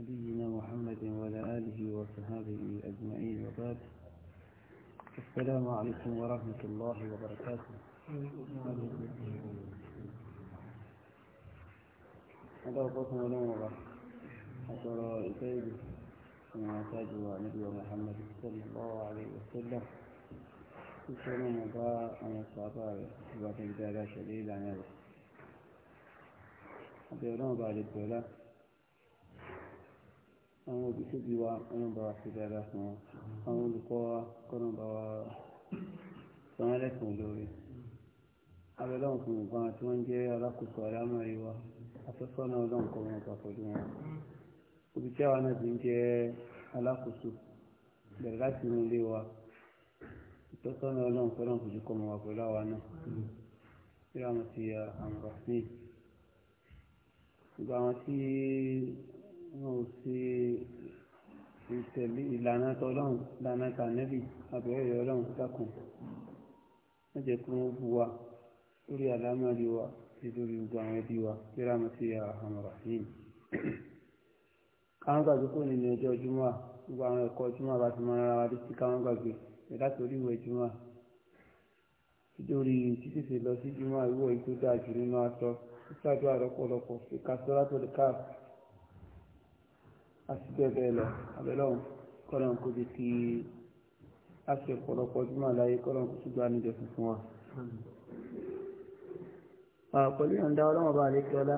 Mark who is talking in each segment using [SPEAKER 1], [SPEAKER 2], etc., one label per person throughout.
[SPEAKER 1] نبينا محمد وعلى آله وصحابه أجمعين وبعد السلام عليكم ورحمة الله وبركاته هذا قصنا نورا حصر إتاج مع تاج ونبي محمد صلى الله عليه وسلم كنا مضى عن الصحابة وفي بداية شديدة عن هذا أبي الله بعد الدولة àwọn olùsíbi wa ọlọ́mọba wa sí dáadáa fún wa àwọn olùkọ́ wa kọ́nọ̀bà wa sọ wọn lẹ́sùn lórí abẹ́lẹ́ òfin nǹkan àti wọ́n jẹ́ alákòóso alámọ̀rí wa afẹ́fọ́nà ọlọ́nkọ́ wọn kà pẹ̀lú wọn òbí tí àwọn náà ti ń jẹ́ alákòóso bẹ̀rẹ̀ láti inú ilé wa ìtọ́sọ́nà ọlọ́nkọ́ náà fojú kọ́ mọ́ wa pẹ̀lú àwa náà bí àwọn ti àmọ̀ràn sí gbogbo àwọn tí wọn ò ṣe ìtẹ̀lé ìlànà tọ́lọ́run ìlànà tànẹ́bì àbẹ̀rẹ̀ ọlọ́run dákun wọ́n jẹ́ kí wọ́n bu wa lórí àlámọ́rí wa lórí gbogbo àwọn ẹbí wa kí rámọ sí àhàmọ̀rà yìí. káwọn gbàgbé kó nínú ẹjọ́ júmọ́ gbogbo àwọn ẹ̀kọ́ júmọ́ bá ti máa ń ra wa káwọn gbàgbé láti orí ìwẹ̀ júmọ́ lórí títí lọ sí júmọ́ ìwọ̀ ìgbódà jù nínú aṣọ àti bẹ́ẹ̀ bẹ́ẹ̀ lọ abẹ́lọ́hùn kọ́lọ́n kò jẹ́ kí a ṣe ọ̀pọ̀lọpọ̀ ọdún àláyé kọ́lọ́n kò tún gbà níjọ fún wa. pẹ̀lú ìyọ̀ǹda ọlọ́wọ́n bá lè kíọ́lá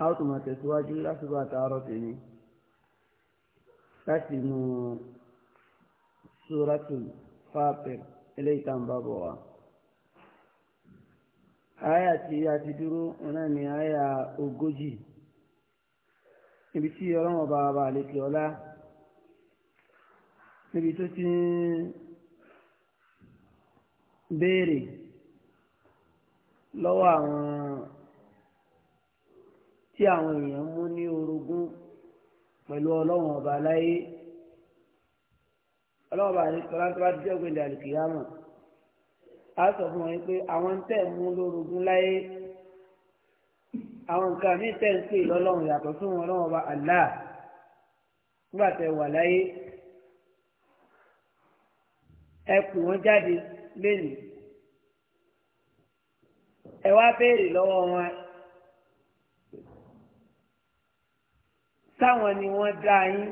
[SPEAKER 1] a ó tún máa tẹ̀síwájú láti bá àtàárọ̀ tèmi láti inú sóràtù fáàpẹ̀ eléyìí tá à ń bá bọ̀ wá. àyà tí a ti dúró ọ̀nà ni àyà ogójì níbi tí ọlọ́run ọba ọba àlejò ọlá níbi tó ti ń béèrè lọ́wọ́ àwọn tí àwọn èèyàn mú ní orogún pẹ̀lú ọlọ́run ọba láyé ọlọ́run ọba
[SPEAKER 2] àlejò ọlá tó bá jẹ́ ògbélé àlùkìyàmọ̀ á sọ fún wọn pé àwọn tẹ̀ mú lórogún láyé àwọn nǹkan mi tẹ̀ ń pè lọ́lọ́run yàtọ̀ fún wọn lọ́wọ́ bá Allah nígbà tẹ wà láyé ẹ pè wọ́n jáde lẹ́nu ẹ wá béèrè lọ́wọ́ wọn táwọn ni wọ́n dá yín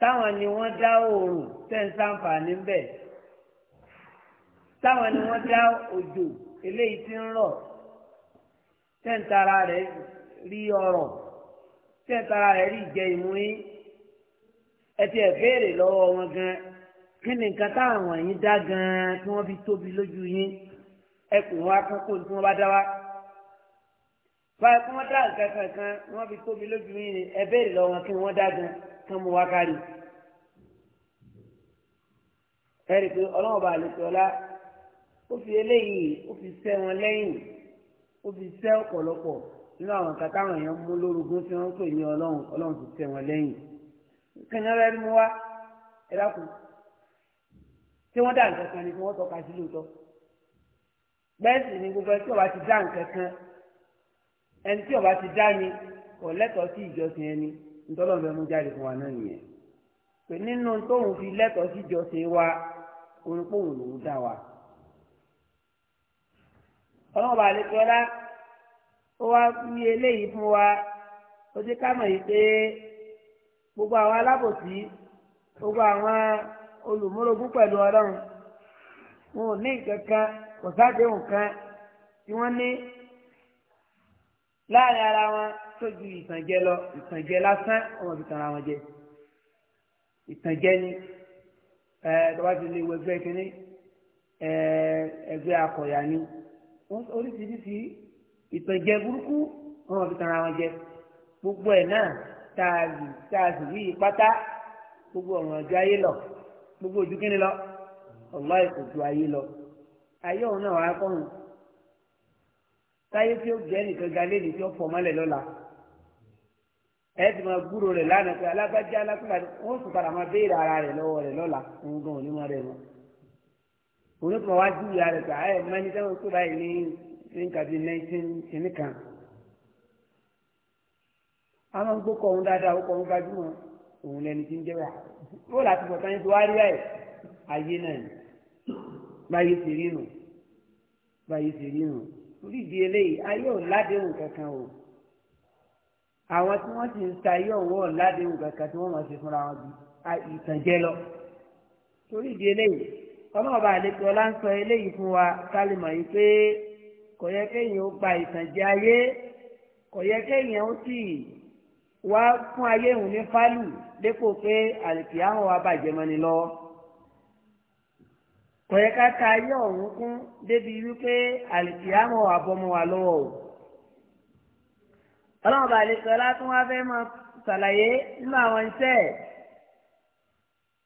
[SPEAKER 2] táwọn ni wọ́n dá oòrùn tẹ̀ ń ṣàǹfààní bẹ́ẹ̀ táwọn ni wọ́n dá òjò eléyìí tí ń rọ̀ tẹ́ǹtara rẹ̀ rí ọrọ̀ tẹ́ǹtara rẹ̀ rí ìjẹ ìmúyín ẹ ti ẹ̀ béèrè lọ́wọ́ wọn gan kí ni nǹkan táwọn yín dá gan tí wọ́n fi tóbi lójú yín ẹ kò wá kán kó tí wọ́n bá dá wá báyìí kí wọ́n dá nǹkan kankan wọ́n fi tóbi lójú yín ni ẹ béèrè lọ́wọ́ wọn kí wọ́n dá gan kán mú wá kárí ẹ rí i pé ọlọ́run bá lè tọ́lá ó fi eléyìí ó fi sẹ́ wọn lẹ́yìn ó fi sẹ́ ọ̀pọ̀lọpọ̀ nínú àwọn kàtà àwọn èèyàn mú
[SPEAKER 1] lórogún tí wọ́n pè ní ọlọ́run ọlọ́run ti tẹ̀ wọ́n lẹ́yìn
[SPEAKER 2] kẹnyẹrẹ mú wa ẹ dákun tí wọ́n dá nǹkan kan ni wọ́n tọ́ka sí lóòótọ́ bẹ́ẹ̀ sì ni gbogbo ẹni tí ọba ti dá nǹkan kan ẹni tí ọba ti dá ni
[SPEAKER 1] kò lẹ́tọ̀ọ́ sí ìjọsìn ẹni ntọ́lọ́mọbẹ mú jáde fún wa náà nìyẹn pé nínú tóun fi lẹ́tọ̀ọ́ sí ìjọsìn wa orin pòun lòún dá wa
[SPEAKER 2] ọlọ́run bá lè tọ́lá ó wá fi eléyìí fún wa ó ti ká mọ̀ yìí pé gbogbo àwọn alábòsí gbogbo àwọn olùmúrogún pẹ̀lú ọlọ́run wọn ò ní nǹkan kan kò sáde nǹkan tí wọ́n ní láàrin ara wọn tó ju ìtànjẹ lọ ìtànjẹ lásán wọn fi ara wọn jẹ ìtànjẹ ni ẹ tọ́wá ti lè wọ ẹgbẹ́ kínní ẹ ẹgbẹ́ akọ̀yà ni wọ́n sọ oríṣiríṣi ìtànjẹ burúkú wọn ò fi tàn ara wọn jẹ gbogbo ẹ̀ náà tá a lù tá a sì rí ipátá gbogbo ọ̀ràn ọjọ́ ayé lọ gbogbo ojú kínní lọ ọ̀lá ìkòjú ayé lọ ayé òun náà wà á kọ́hún táyé tí ó jẹ́ nìkan ga lé ní tí ó fọ̀ mọ́lẹ̀ lọ́la ẹ ti máa gbúrò rẹ̀ lánàá pé alágbájá alágbájá wọn sì padà máa béèrè ara rẹ̀ lọ́wọ́ rẹ̀ lọ́la òun gan òní máa rẹ̀ wọn onípò wá ju ìyá rẹ̀ pé ayé mẹ́ni sẹ́wọ́n tó báyìí ní ní nǹkan bíi nineteen kìíní kan. a máa ń gbó kọ òun dáadáa ó kọ òun gbajúmọ̀ òun lẹni tí ń jẹ́ wà. ó láti bọ̀
[SPEAKER 1] sáyẹ́nsì wá rí báyìí ayé náà ni báyìí ti rí nù báyìí ti rí nù orí
[SPEAKER 2] ìdí eléyìí ayé ò ládéhùn kankan o àwọn tí wọ́n ti ń ta ayé ọ̀wọ́ ládéhùn kankan tí wọ́n máa ṣe fúnra wọn bí ìtànjẹ lọ torí ìdí eléyìí ọlọ́ọ̀bà àlejò ọlá ń sọ eléyìí fún wa kálímọ̀ yìí pé kò yẹ kéèyàn ó gba ìtànjẹ ayé kò yẹ kéèyàn ó sì wá fún ayé òun ní fálù dépò pé àlèkè àwọn wa bàjẹ́ mọ́ni lọ́wọ́ kò yẹ ká ta ayé ọ̀hún kún débi wípé àlèkè àwọn wa bọ́mọ wa lọ́wọ́ o ọlọ́ọ̀bà àlejò ọlá tún fẹ́ máa ṣàlàyé nínú àwọn iṣẹ́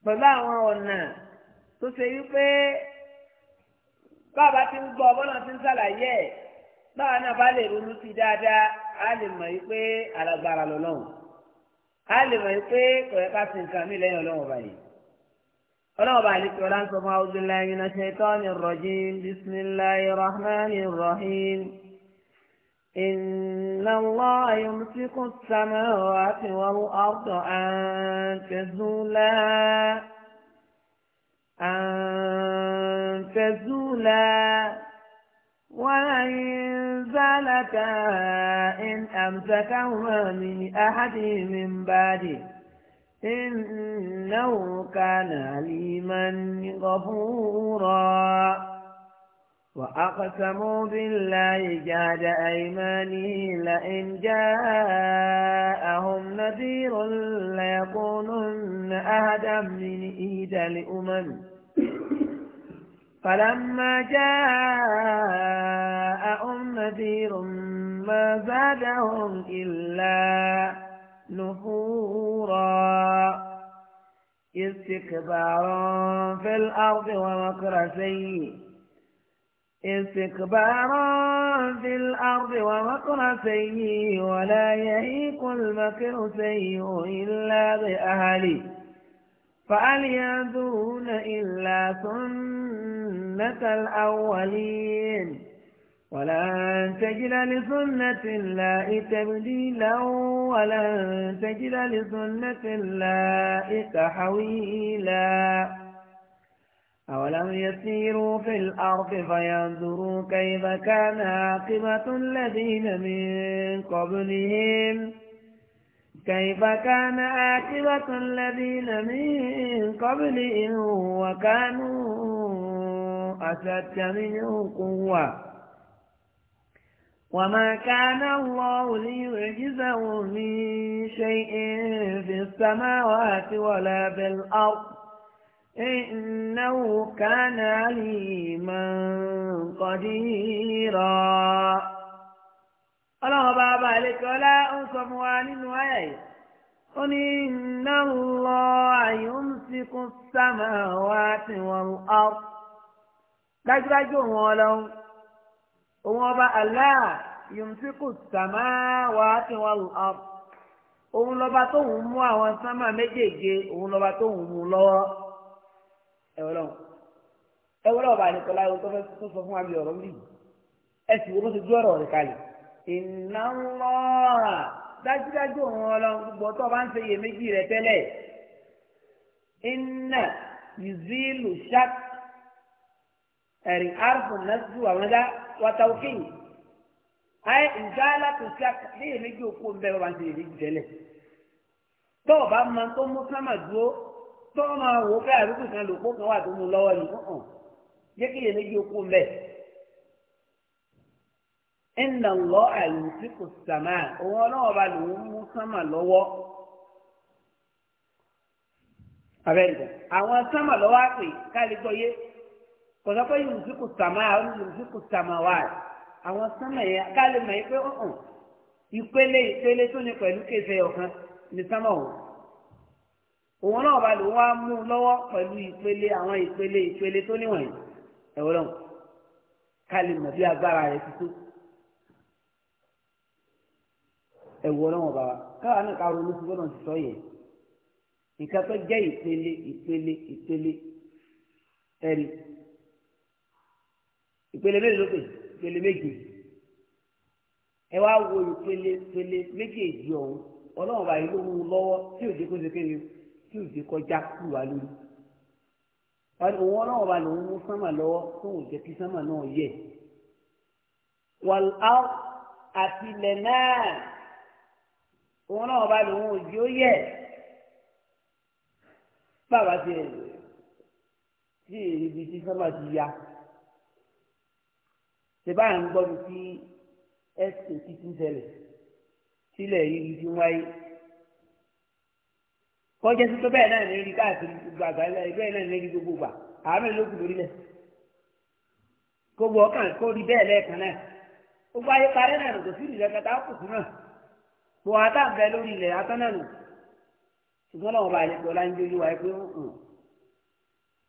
[SPEAKER 2] pẹ̀lú àwọn ọ̀nà tó ṣe wípé báwa ti ń gbọ́ bọ́lá ti ń ṣàlàyé ẹ̀ báwa náà bá lè ronú sí dáadáa a lè mọ̀ wípé alágbára lọ́lọ́run a lè mọ̀ wípé kò yẹ ká sin nǹkan mi lẹ́yìn ọlọ́run ọba yìí ọlọ́run ọba àlejò ọlá ń sọ fún a'udhu billahi minash shaitanir rajim bismillahir rahmanir rahim. إن الله يمسك السماوات والأرض أن تزولا أن تزولا وإن زالتا إن أمسكهما من أحد من بعده إنه كان ليما غفورا وأقسموا بالله جاد أيمانه لئن جاءهم نذير ليكونن أهدا من إيد لأمم فلما جاءهم نذير ما زادهم إلا نفورا استكبارا في الأرض ومكر سيئ استكبارا في الأرض ومكر سيء ولا يهيق المكر سيء إلا بأهلي فهل ينظرون إلا سنة الأولين ولن تجد لسنة الله تبديلا ولن تجد لسنة الله تحويلا أولم يسيروا في الأرض فينظروا كيف كان عاقبة الذين من قبلهم كيف كان عاقبة الذين من قبلهم وكانوا أشد منهم قوة وما كان الله ليعجزه من شيء في السماوات ولا في الأرض إنه كان عليما قديرا ọlọ́run bá bá àlejò ọlá ń sọ fún wa nínú ayà yìí ó ní iná lọ àyùmsíkú sámà wá tí wọn á dájúdájú òun ọlọ́run òun ọba àlá yùmsíkú sámà wá tí wọn á òun lọ́ba tóun mú àwọn sámà méjèèje òun lọ́ba tóun mú lọ́wọ́ ẹ̀wọ̀lọ́wọ̀ ẹ̀wọ̀lọ́wọ̀ bá nìkan láyé tó fẹ́ tó sọ fún wa bí ọ̀rọ̀ ń bì ẹ sì wo bó ti gbọ́ ọ̀rọ̀ rẹ̀ kalẹ̀ ìná ńlọ́ra dájúdájú òun ọlọ́run gbogbo tó bá ń ṣe iyèméjì rẹ tẹ́lẹ̀ iná ìzílù ṣak ẹ̀rìn arfun nẹ́sù àwọn ẹ̀dá wàtàwókè ayé ìjálá tó ṣak ní iyèméjì òkú ń bẹ́ẹ̀ bá ń ṣe iyèméjì tẹ́lẹ̀ tó o bá mọ tó mú sámà dúró tọ́wọ́ máa wò pé àdúgbò kan lò kó kan wà tó mú lọ́wọ́ ni hàn jẹ́ kí iyèméjì okú mẹ́. ẹnà lọ àlùm tí kò sàmà òun ọlọ́wọ́ bá lòun mú sánmà lọ́wọ́. abẹ́rẹ́ àwọn sánmà lọ́wọ́ àpè káàlì gbọ́yé kò sọ pé kò sàmà àwọn yòòmù kò sàmà wà àwọn sánmà yẹn káàlì yẹn pé ìpele ìpele tó ní pẹ̀lú kéfẹ́ ọ̀kan ní sánmà òun òun náà bá lòun wá mú un lọ́wọ́ pẹ̀lú ìpele àwọn ìpele ìpele tó níwọ̀nyí ẹ̀wọ́n lọ́wọ́ ká lè mọ̀ bí agbára rẹ̀ ti tó ẹ̀wọ́n lọ́wọ́ bá wa káwa náà ká ronú fún bọ́dọ̀ ti sọ yẹ nǹkan tó jẹ́ ìpele ìpele ìpele ẹ̀rí ìpele méje lókè ìpele méje ẹ wá wo ìpele ìpele méjèèjì
[SPEAKER 1] ọ̀hún ọlọ́run bá yìí ló mú un lọ́wọ́ tí ò jẹ́ kó ṣe kéwìn tí ò jẹ́ kọjá kú wa lórí òun ọlọ́wọ́ ba lòun mú sánmà lọ́wọ́ tó ò jẹ́ kí sánmà náà yẹ
[SPEAKER 2] wàlá àti ilẹ̀ náà òun ọlọ́wọ́ ba lòun ò jẹ́ ó yẹ bàbá ti ẹ̀ sí ibi tí sánmà ti ya ṣèbá à ń gbọ́ mi sí ẹ̀sìn títí ṣẹlẹ̀ sílẹ̀ yìí ti wáyé kọjá sí pé bẹ́ẹ̀ náà ní rí káàkiri gbogbo àgbáyé bẹ́ẹ̀ náà ní rí gbogbo gbà àárẹ̀ ló kù lórí náà kó bu ọkàn kó rí bẹ́ẹ̀ lẹ́ẹ̀kan náà gbogbo ayé parẹ́ náà nù kò sí ìrìnlẹ̀ kẹta kù fún náà kó ata ń bẹ lórí ilẹ̀ atán náà nù ṣùgbọ́n náà ọba àlejò ọlá ń jó yíwa pé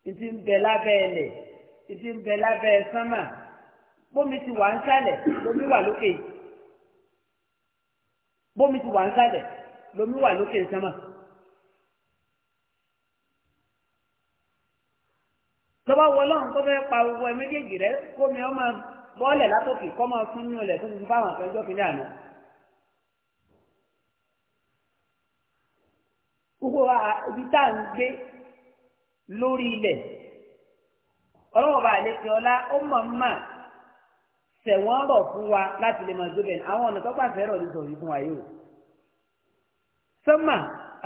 [SPEAKER 2] ìtì ń bẹ lábẹ́ ẹlẹ̀ ìtì ń bẹ lábẹ́ sánmà bómi ti wà ń sálẹ̀ lómi wà lókè bómi ti wà ń sálẹ̀ lómi wà lókè sánmà. lọ́ba wọ lọ́hùn tó fẹ́ pa gbogbo ẹ méjèèjì rẹ kó mi ọmọ bọ́ọ̀lẹ̀ látòkè kọ́ máa fún nínú ilẹ̀ tó fi fáwọn àfẹ́jọ́ kìíní àná. gbogbo wa ibi tá à ń gbé lórí ilẹ̀ ọlọ́wọ́ bá lè fi ọlá ó mọ̀ mọ̀ sẹ̀wọ́n rọ̀ fún wa láti lè máa gbébẹ̀ àwọn ọ̀nà tó pàṣẹ rọ̀ ní sọ̀rọ̀ fún wa yìí o. sọ́mà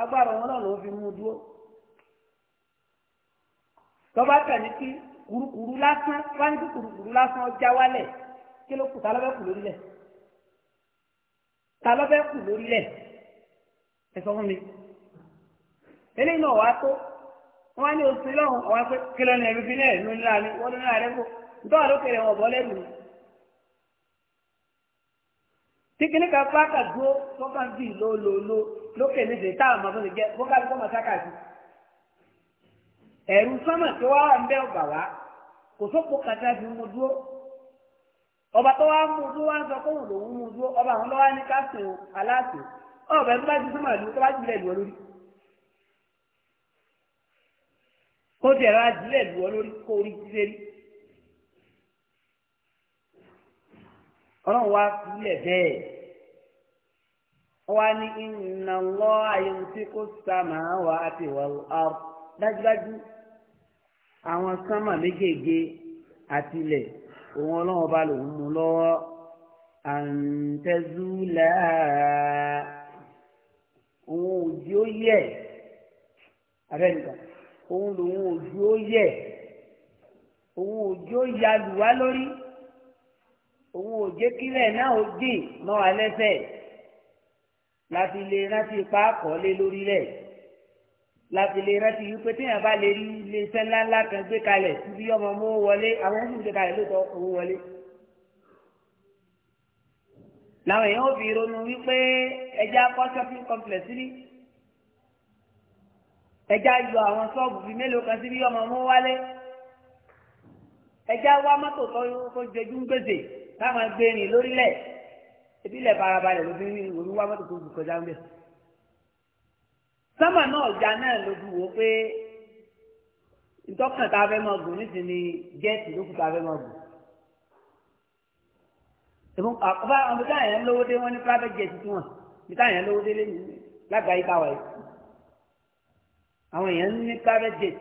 [SPEAKER 2] agbára wọn náà ló fi mú dúró tọ́ba tẹ̀lé kí kurukuru lásán wá ní kí kurukuru lásán já wálẹ̀ kí ló kù tá lọ́bẹ̀ kù lórílẹ̀ tá lọ́bẹ̀ kù lórílẹ̀ ẹ sọ fún mi eléyìí náà wá tó wọn á ní oṣù lọ́hùn ọ̀wá pé kí lọ́nà ẹ̀rú fi náà lónìí láàrin wọ́n lónìí láàrin kò dọ́ọ̀ lókèrè wọn bọ́ lẹ́rù ni tíkìní kan bá kà dúró tó bá ń bì lólólo lókè méje táwọn ọmọ fún mi jẹ bó ká ló kọ́ mọ̀ sákàtì. ẹ̀rù sánmà tí wọ́n wà ń bẹ́ ọgbà wá kò sóko kàtà fi mú dúró ọba tó wá mú dúró wá ń sọ fóun lòún mú dúró ọba àwọn lọ́wọ́ ní káṣíò aláṣẹ ọ lórí kó tiẹ̀ rà ọ kó orí dájúdájú àwọn sánmà méjèèje àti ilẹ̀ òun ọlọ́run ọba lòun mú lọ́wọ́ àǹtẹ̀zúlà òun òjì ó yẹ abẹ́nìkan òun lòun òjì ó yẹ òun òjì ó ya lù lórí òun òjì kílẹ̀ náà ó dì mọ́ wa lẹ́sẹ̀ láti lè rántí pa àkọọ́lẹ̀ lórí lẹ̀ láti lè rántí wípé téèyàn bá lè rí iléeṣẹ́ ńláńlá kan gbé kalẹ̀ síbi ọmọ mú wọlé àwọn ẹni gbé kalẹ̀ lóòótọ́ owó wọlé. làwọn èèyàn ò fi ronú wípé ẹja kọ́ shopping complex rí ẹja yọ àwọn ṣọ́ọ̀bù bíi mélòó kan síbi ọmọ mú wálé ẹja wá mọ́tò tó kó jẹjú ń gbèsè táwọn gbé rìn lórílẹ̀ ìbílẹ̀ farabalẹ̀ ló fi ń wá mọ́tò tó kù kọjá ń bẹ̀ sọ́mà náà ọ̀já náà lójú wo pé ìtọ́kàn tá a fẹ́ máa gùn nísìnyí ni gẹ́ẹ̀tì lókùn tá a fẹ́ máa gùn. ìmọ̀ àkọ́bá ọmọ táyà yẹn lówó dé wọ́n ní private jet tí wọ́n ní táyà yẹn lówó dé lé lágbàáyé táwa yìí. àwọn èèyàn ní private jet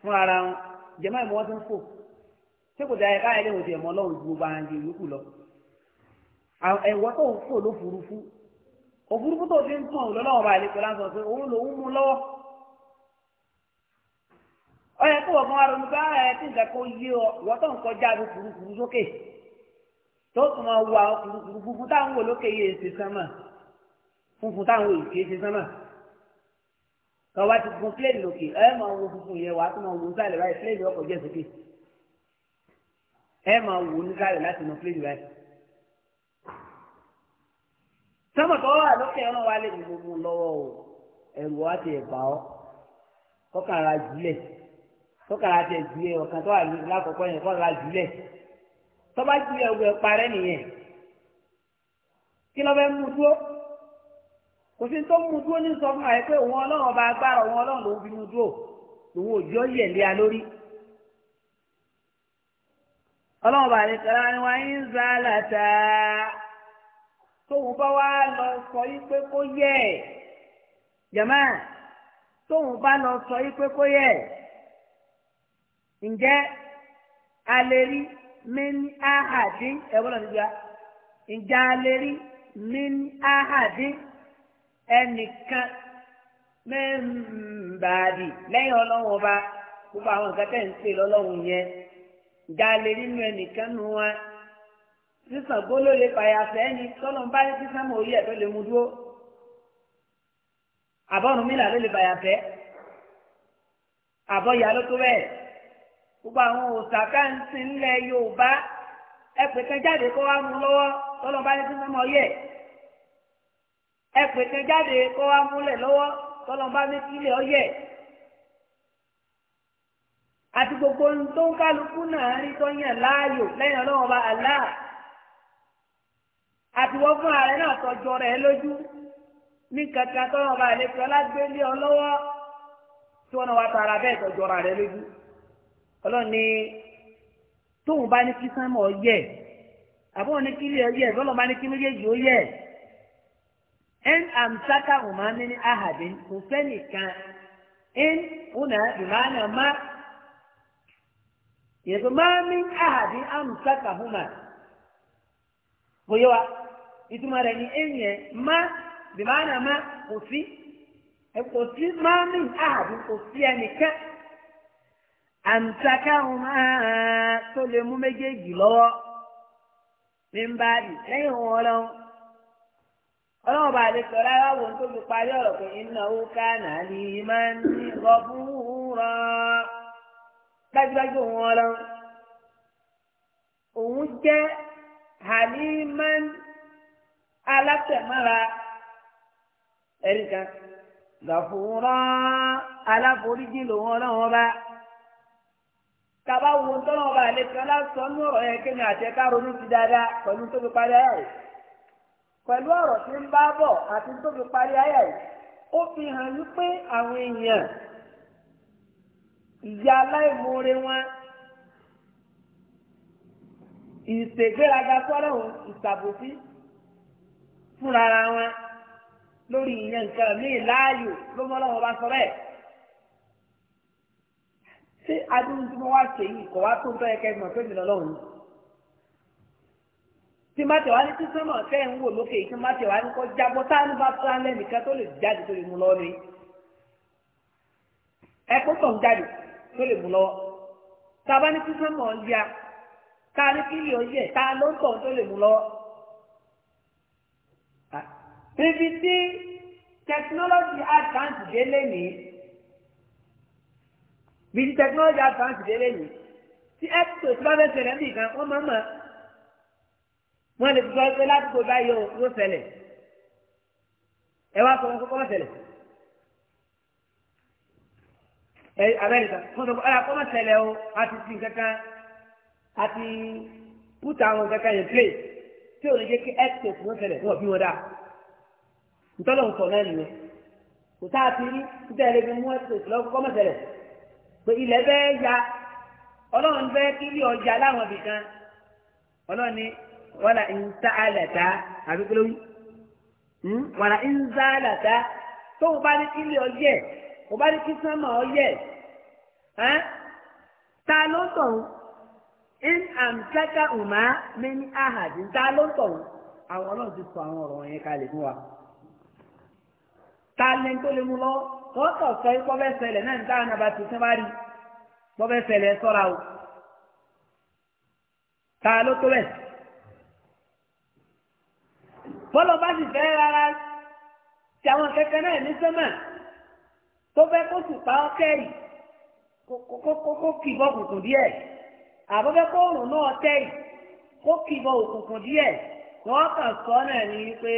[SPEAKER 2] fún ara wọn jẹ̀mọ́ ìmọ̀ wọn ti ń fò ṣé kò dáa káyọ̀ lè wò ti ẹ̀mọ́ ọlọ́run ju gbogbo àwọn ẹ̀yìn yòókù lọ. ẹ̀wọ́ tó ń fò lófurufú òfurufú tó fi ń tàn òun lọ́wọ́ bá àlejò lásán pé òun lòún mú lọ́wọ́ ọyẹ kó wọ́n wá ronú pé ah, ẹ tí nǹkan kó yé ọ ìwọ́ ń kọjá ló kùrukùru sókè tó tún máa wà ọ funfun táwọn wò lókè yé èsì sánmà funfun táwọn wò èsì èsì sánmà tọ́wọ́ ti gun pléènì lókè ẹ máa wo funfun yẹn wàá tún máa wo nísàlẹ̀ báyìí pléènì ọkọ̀ jẹ́ sókè ẹ máa wo nísàlẹ̀ láti mọ pléènì báyìí sọ́mọ̀ tó wà lókè ọ̀nà wa lè gbogbo lọ́wọ́ o ẹ̀rù wa ti bà ọ́ kọ́kàrà jùlẹ̀ kọ́kàrà tẹ̀ jùlẹ̀ ọ̀kan tó wà lákọ̀ọ́kọ́ yẹn kọ́kàrà jùlẹ̀ tọ́ba jùlẹ̀ ogun ẹ̀ parẹ́ nìyẹn kí ló fẹ́ mú dúró kò sí tó mú dúró ní sọ fún àyẹ̀pẹ́ òun ọlọ́run ọba agbára òun ọlọ́run ló ń fi mú dúró òun ò jọ yẹ̀ lé a lórí ọlọ́run ọba àlẹ́ tóun bá wá lọ sọ yí pé kó yẹ ẹ̀ jẹ̀mọ́ tóun bá lọ sọ yí pé kó yẹ ẹ̀ ǹjẹ́ a mini ahadi ẹ̀wọ́n lọ nígbà ǹjẹ́ a mini ahadi ẹnìkan mẹ́mbàdì lẹ́yìn ọlọ́run ọba gbogbo àwọn nǹkan tẹ̀ ń pè lọ́lọ́run yẹn ǹjẹ́ a nínú ẹnìkan nu wọn sísan gbóló lè fàyà sẹ́ni tọ́nà ń bá ní sísan mọ̀ orí ẹ̀ tó lè mú dúró àbọ̀rùn mílà ló lè fàyà sẹ́ àbọ̀yà ló tó bẹ́ẹ̀ gbogbo àwọn òṣàkà ń sin ilẹ̀ Yorùbá ẹ pè kan jáde kó wá mú lọ́wọ́ tọ́nà ń bá ní sísan mọ̀ orí ẹ pè kan jáde kó wá múlẹ̀ lọ́wọ́ tọ́nà ń bá ní sílẹ̀ ọ̀yẹ̀ àti gbogbo ohun tó ń kálukú náà rí tó yàn láàyò lẹ́yìn ọlọ́wọ́ bá aláà àtiwọ́ fún ààrẹ náà tọjọ rẹ̀ lójú ní kankan tọ́nà ọba àlejò alágbélé ọ lọ́wọ́ tí wọ́n náà wá tara bẹ́ẹ̀ tọjọ rẹ̀ lójú ọlọ́run ní tóun bá ní kí sánmọ̀ yẹ àbọ̀ ní kí ilé yẹ bọ́lọ̀ bá ní kí méjèèjì ó yẹ ẹn àmsáká ọ̀mánì ní ahàdín kò sẹ́nìkan ẹn ọ̀nà ìmáàna má yẹ̀bùmáàmí ahàdín àmsáká ọ̀mánì bóyá wa ìtumọ̀ rẹ̀ ní ẹ̀yìn ẹ̀ má bìbáàna má kò sí kò sí máa mí àhàbù kò sí ẹnìkan àǹtakàrùn máa tó lè mú méjèèjì lọ́wọ́ ní ń bá rí lẹ́yìn wọn ọlọ́run ọlọ́run bá lè sọ rárá wọn tó fi parí ọ̀rọ̀ pé ìnáwó kánà ni máa ń ní rọ́bùrọ̀ dájúdájú wọn ọlọ́run òun jẹ́ hàlí alátẹ̀mọ́ra ẹnìkan gàfúrọ́ aláforíjì lòun ọlọ́wọ́n bá kaba wo tọ́lọ́ ọba àlejò aláṣọ ní ọ̀rọ̀ yẹn kémi àti ẹ̀ka ronú ti dáadáa pẹ̀lú tó fi parí ayà yìí pẹ̀lú ọ̀rọ̀ tí ń bá bọ̀ àti tó parí ayà yìí ó fi hàn wípé àwọn èèyàn ìyá aláìmoore wọn ìṣègbéraga sọ́lọ́hún ìṣàbòsí fúnra ara wọn lórí ìyẹn nǹkan míì láàyò ló mọ́ lọ́wọ́ bá sọ bẹ́ẹ̀. ṣé adúlù tí mo wá ṣe yìí kọ̀ wá tó ń tọ́ ẹ̀kẹ́ mọ̀ pé mi lọ́lọ́run tí má tẹ̀wá ní títún náà tẹ́ ń wò lókè tí má tẹ̀wá ní kọ́ jábọ́ táwọn bá tó lálẹ́ nìkan tó lè jáde tó lè mú lọ́wọ́ ni ẹ̀kọ́ tó ń jáde tó lè mú lọ́wọ́ tá a bá ní títún náà ń ya ká ní kílì ó yẹ tá ló ń tọ̀ tó lè mú lọ́wọ́ níbi tí technology advance délé ní bí tí technology advance délé ní tí ẹ́pítò tí wọ́n fẹ́ ṣẹlẹ̀ ní ìkan wọ́n máa mọ̀ wọ́n lè sọ pé ládùúgbò báyìí ó ló ṣẹlẹ̀ ẹ wá sọ wọn kó kọ́ ṣẹlẹ̀ ẹ abẹ́rẹ́ta wọ́n sọ pé ọ̀là kọ́ ṣẹlẹ̀ o àti ti kankan àti pútà àwọn kankan yẹn plé tí ò ní jẹ́ kí ẹ́pítò tí wọ́n ṣẹlẹ̀ wọ́n bí wọn dáa. ntọ́lọ̀ ń sọ náà nìyẹn kò tá a ti rí títẹ̀ lè fi mú ẹ̀sìn ìsìlọ́ kọ́mọ̀tẹ̀lẹ̀ pé ilẹ̀ bẹ́ẹ̀ ya ọlọ́run fẹ́ kí ilé ọjà láwọn ibì kan ọlọ́run ni wàlà ìta àlẹ̀ta àbí wí hmm? wàlà tó o bá ní ilé ọjẹ́ o bá ní ta ló ń tọ̀hún in àmì kẹ́kẹ́ mi ní ta ló ń tọ̀hún àwọn ọlọ́run talent tó lè mú lọ wọ́n kàn sọ yìí kọ́fẹ́ sẹlẹ̀ náà níta ànàbà tuntun bá rí kọ́fẹ́ sẹlẹ̀ sọ́ra o ta ló tó bẹ̀. bọ́lọ̀ bá sì fẹ́ rárá tí àwọn kẹ̀kẹ́ náà ní sẹ́mà tó fẹ́ kó sì pa ọ́ kẹ́rì kó kì bọ́ kùkùn díẹ̀ àbọ̀fẹ́ kó òrùn náà tẹ́rì kó kì bọ́ òkùnkùn díẹ̀ wọ́n kàn sọ náà ní pé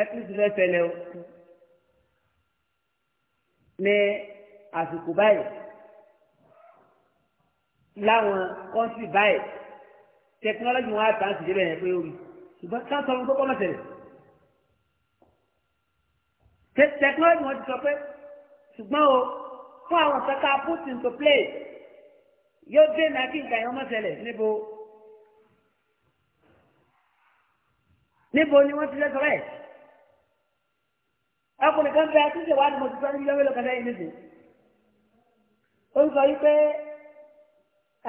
[SPEAKER 2] ẹtùtù fẹ́ fẹlẹ̀ o ní àsìkò báyìí láwọn kọ́ńtì báyìí tẹkinọ́lọ́jì wọn àtàǹtì débẹ̀ yẹn pé ó rí ṣùgbọ́n ká sọ fún kókó mọ̀tẹ̀lẹ̀ tẹkinọ́lọ́jì wọn ti sọ pé ṣùgbọ́n o fún àwọn kaka put into play yóò dé náà kí nǹkan yẹn mọ̀tẹ̀lẹ̀ níbo. níbo ni wọ́n ti lẹ́sọ̀rọ̀ ẹ̀ ọkùnrin kan bẹ àtúnṣe wa ni mo ti sọ níbi lọ́wọ́ lọ́kàn lẹ́yìn níbi ó sọ yìí pé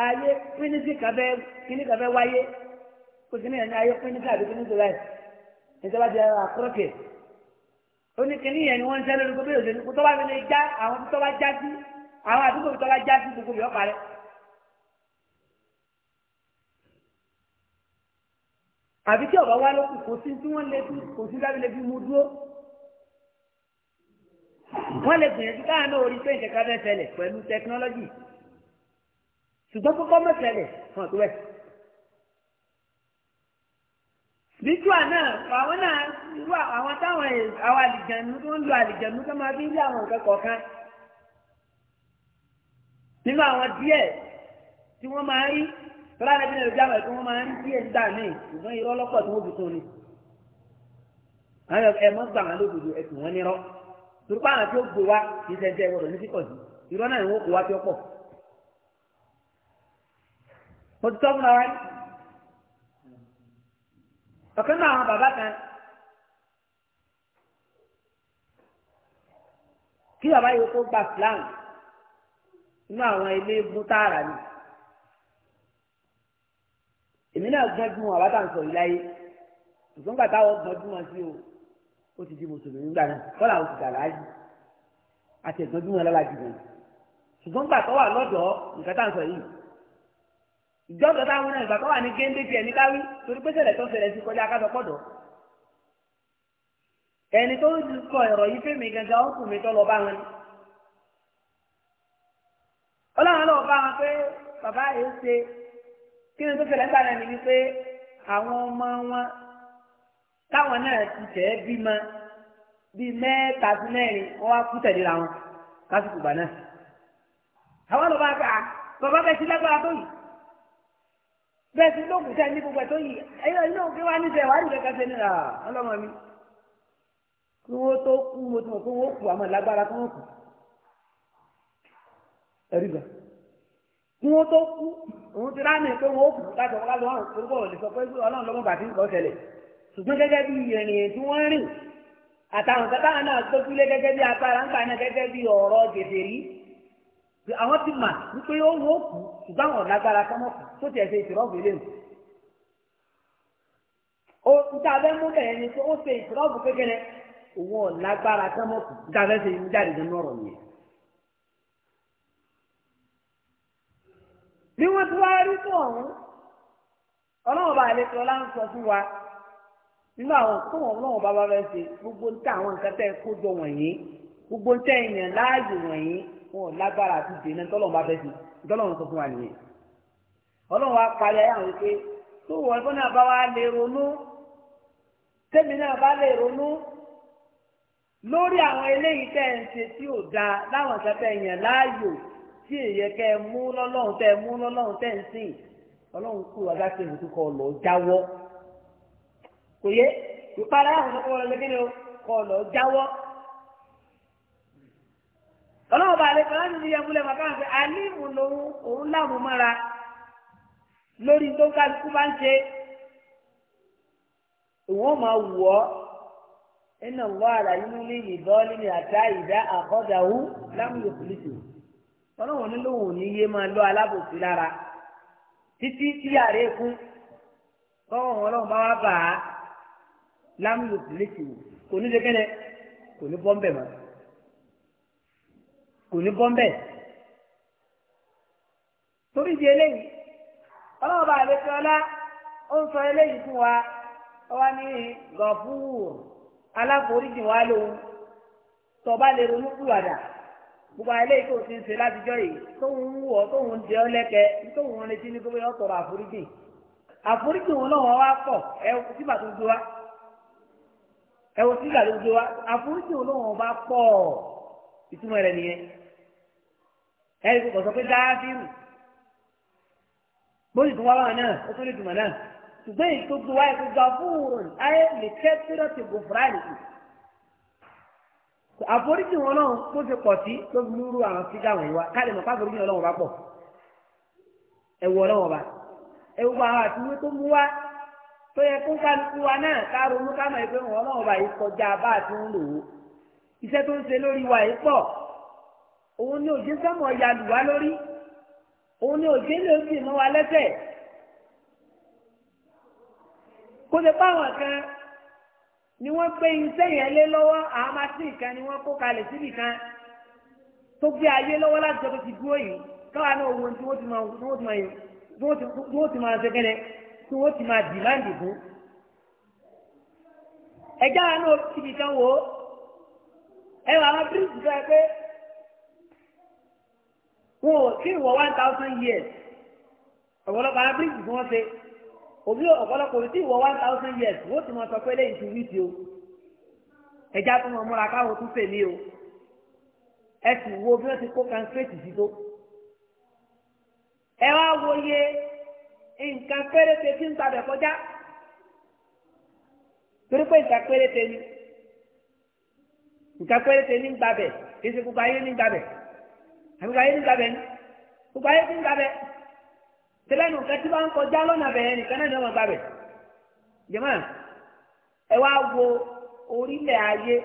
[SPEAKER 2] ayé pínísì kàbẹ kíní kàbẹ wáyé kò sí ní ẹni ayé pínísì àbí pínísì láì ìjọba ti ẹ̀rọ àkúrọ̀kẹ̀ ó ní kíní yẹn ni wọ́n ń ṣe lórí gbogbo ìròyìn kó tọ́ba mi lè já àwọn tó tọ́ba já sí àwọn àdúgbò tó tọ́ba já sí gbogbo ìyọ́ parẹ́. àbí tí ọ̀bá wá lókù kò sí tí wọ́n lé kò sí lábẹ́ fi mú dúró wọ́n lè gbìyànjú káwọn náà rí pé ìjẹ̀ká fẹ́ ṣẹlẹ̀ pẹ̀lú tẹkinọ́lọ́jì ṣùgbọ́n kókó mọ̀ ṣẹlẹ̀ hàn tó bẹ̀. bíjúà náà àwọn náà irú àwọn táwọn àwọn àlìjẹ̀nu tó ń lo àlìjẹ̀nu tó máa fi ń lé àwọn nǹkan kọ̀ọ̀kan nínú àwọn díẹ̀ tí wọ́n máa rí tọ́lá ẹbí náà ló jáwèé tí wọ́n máa rí díẹ̀ ń dà ní ṣùgbọ́n irọ́ lọ́pọ̀ tí wọ́n fi tún ni. àwọn ẹ̀mọ́ gbà wọn ẹ̀sùn wọn nírọ́ torí pé àwọn tí ó gbé wa kì í sẹ́ńtẹ́ ìwọ̀dọ̀ ní kíkọ̀ sí irọ́ náà ìwọ́n kò wá tí ó pọ̀. mo ti tọ́kùn ara yìí ọ̀kan náà àwọn bàbá kan kí bàbá yìí tó gba flam inú àwọn ilé egun tààrà ni èmi náà gbọ́n àbátà ń sọ yìí láyé ìgbọ́ngbà táwọn gbọ́n sí o ó ti di mùsùlùmí gbà náà kọ́lá ó ti dà láàyè àti ẹ̀gbọ́n bí wọn lára jù wọn ṣùgbọ́n gbà tó wà lọ́dọ̀ nǹkan tá à ń sọ yìí ìjọba táwọn náà ìgbà tó wà ní géńdé tiẹ̀ ní káwí torí pé ṣẹlẹ̀ tó ṣẹlẹ̀ sí kọjá akásọ pọ̀dọ̀ ẹni tó ń kọ ẹ̀rọ yìí fèmí gangan ó kùn mí tó lọ bá wọn ni ọlọ́run lọ bá wọn pé bàbá yìí ṣe kí ni tó ṣẹlẹ̀ ń bá náà ni wípé àwọn ọmọ wọn táwọn náà ti tẹ̀ ẹ́ bímọ bíi mẹ́ta sí mẹ́rin wọ́n wá kú tẹ̀lé ra wọn lásìkò ìgbà náà. àwọn lọ́ba àgbà bàbá bẹ́ẹ̀ ti lágbára tó yìí bẹ́ẹ̀ ti lóògùn tẹ̀ ní gbogbo ẹ̀ tó yìí ẹ̀yọ́ iná òkè wá ní sẹ́wàá ní kẹ́kẹ́ sẹ́ni rà ọlọ́mọ mi. kí wọ́n tó kú mo ti mọ̀ pé wọ́n kú àmọ́ lágbára kí wọ́n kú. ẹ̀rí bẹ́ẹ̀ kí wọ́n tó kú òun ti rá mi pé wọ́n kú láti ọ̀pọ̀ ṣùgbọ́n gẹ́gẹ́ bí ìrìn tí wọ́n rìn àtàwọn kẹta náà gbójúlé gẹ́gẹ́ bí agbára ń gbà gẹ́gẹ́ bí ọ̀rọ̀ gèdè rí àwọn ti mà wípé ó wó kù ṣùgbọ́n lágbára kù tó tiẹ̀ ṣe ìṣòrọ́bù ilé nù. mú ṣe ìṣòrọ́bù kékeré òun kù ṣe jáde nínú ọ̀rọ̀ ti wá rí fún nínú àwọn tó wọn náà bá bá fẹ́ ṣe gbogbo ń tẹ àwọn nǹkan tẹ́ kó jọ wọ̀nyí gbogbo ń tẹ èèyàn láàyè wọ̀nyí wọn lágbára àti dènà tọ́lọ̀ bá fẹ́ ṣe tọ́lọ̀ sọ fún wa nìyẹn ọlọ́run wa parí ayé àwọn wípé tó wọ́n ẹgbẹ́ náà bá wa lè ronú tẹ́mi náà bá lè ronú lórí àwọn eléyìí tẹ́ ẹ̀ ń ṣe tí ò dáa láwọn nǹkan tẹ́ èèyàn láàyò tí èyẹ kẹ́ ẹ mú lọ́lọ́run tẹ́ ẹ mú lọ́lọ́run tẹ́ ẹ ń sìn ọlọ́run kúrò adáṣe ìlú kọ́ lọ jáwọ́ kò yé ìpara yàtọ̀ sọ́kọ́ wọn lẹ́kẹ́ ni kọ́ lọ jáwọ́. ọlọ́run bá àlejò láti ní ìyẹ́múlẹ̀ màkà wọn pé alímù lòun òun láàmú mọ́ra lórí tó kálukú bá ń ṣe ìwọ́n máa wù ọ́ iná wọ́n àlàyé mú ní ìbọn ìdá ní lòun ò ní yé máa lọ alábòsí lára títí tí àárẹ̀ bá wá lámúlò lẹ́kì wò kò ní dẹ́kẹ́lẹ́ kò ní bọ́m̀bẹ̀ mọ́ kò ní bọ́m̀bẹ̀ torí di eléyìí ọlọ́ọ̀bà àlejò ọlá ó ń sọ eléyìí fún wa ọwá ní gọ̀fúù aláforíjì wa lòun tọba lè ronú kúwàdà gbogbo àlẹ́ yìí tó ti ń ṣe látijọ́ yìí tóun ń wọ̀ tóun jẹ́ ọ lẹ́kẹ́ tóun ń retí ní gbogbo yọ̀ tọrọ àforíjì àforíjì òun náà wọ́n wá pọ̀ ẹ kú tó gbé wa ẹ wo sígbà ló gbé wa àforíjì olóhùn ọba pọ̀ ìtumọ̀ rẹ̀ nìyẹn ẹ ẹ kò sọ pé gáfíìrù bóyì tó wá wà náà ó tún lè dùnmọ̀ náà ṣùgbọ́n èyí tó gbé wa ètò gàfúrò ayé lè kẹ́ pírọ̀ ti gò fúra nìyí àforíjì wọn náà tó ti pọ̀ sí tó fi lúrú àwọn sígá wọ̀nyí wa ká lè mọ̀ pàforíjì ọlọ́wọ̀n ọba pọ̀ ẹ wọ ọba ẹ àwọn àtiwé tó mú wa tó yẹ kó kálukú wa náà ká ronú ká mọ̀ pé wọn náà wà yìí kọjá bá a ti ń lò ó iṣẹ́ tó ń ṣe lórí wa yìí pọ̀ òun ni òjé sọ́mọ̀ ya lù wá lórí òun ni òjé lè sì mọ́ wa lẹ́sẹ̀ kó lè bá àwọn kan ni wọ́n gbé iṣẹ́ yẹn lé lọ́wọ́ àwọn máa sí nǹkan ni wọ́n kó kalẹ̀ síbì kan tó gbé ayé lọ́wọ́ láti jọ tó ti dúró yìí káwa náà wọ́n ti máa ṣe kẹ́lẹ́ tí wọ́n ti máa dìmáǹdì fún. ẹjọ́ àánú tìbí kan wò ó ẹ wà àwọn bíríìjì tó ẹ pé wọn ò tí ì one thousand years ọ̀pọ̀lọpọ̀ àwọn bíríìjì tí wọ́n ṣe òbí ọ̀pọ̀lọpọ̀ ò tí ì wọ one thousand years wọ́n ti máa sọ pé lẹ́yìn tí wí ti o ẹjọ́ àtúnmọ̀ múra káwọn tún fèmí o ẹ sì wo bí wọ́n ti kó kan straight sí tó ẹ wá wo iye nǹkan péréte tí ń tabẹ̀ kọjá torí pé nǹkan péréte ni nǹkan péréte ní gbàbẹ̀ kì í ṣe gbogbo ayé ní gbàbẹ̀ àbí gbogbo ayé ní gbàbẹ̀ ni gbogbo ayé ní gbàbẹ̀ tẹ́lẹ̀ nù kẹ́tí bá ń kọjá lọ́nà bẹ̀rẹ̀ nìkan náà ni wọ́n gbàbẹ̀ jẹ́mọ́ ẹ wá wo orílẹ̀ ayé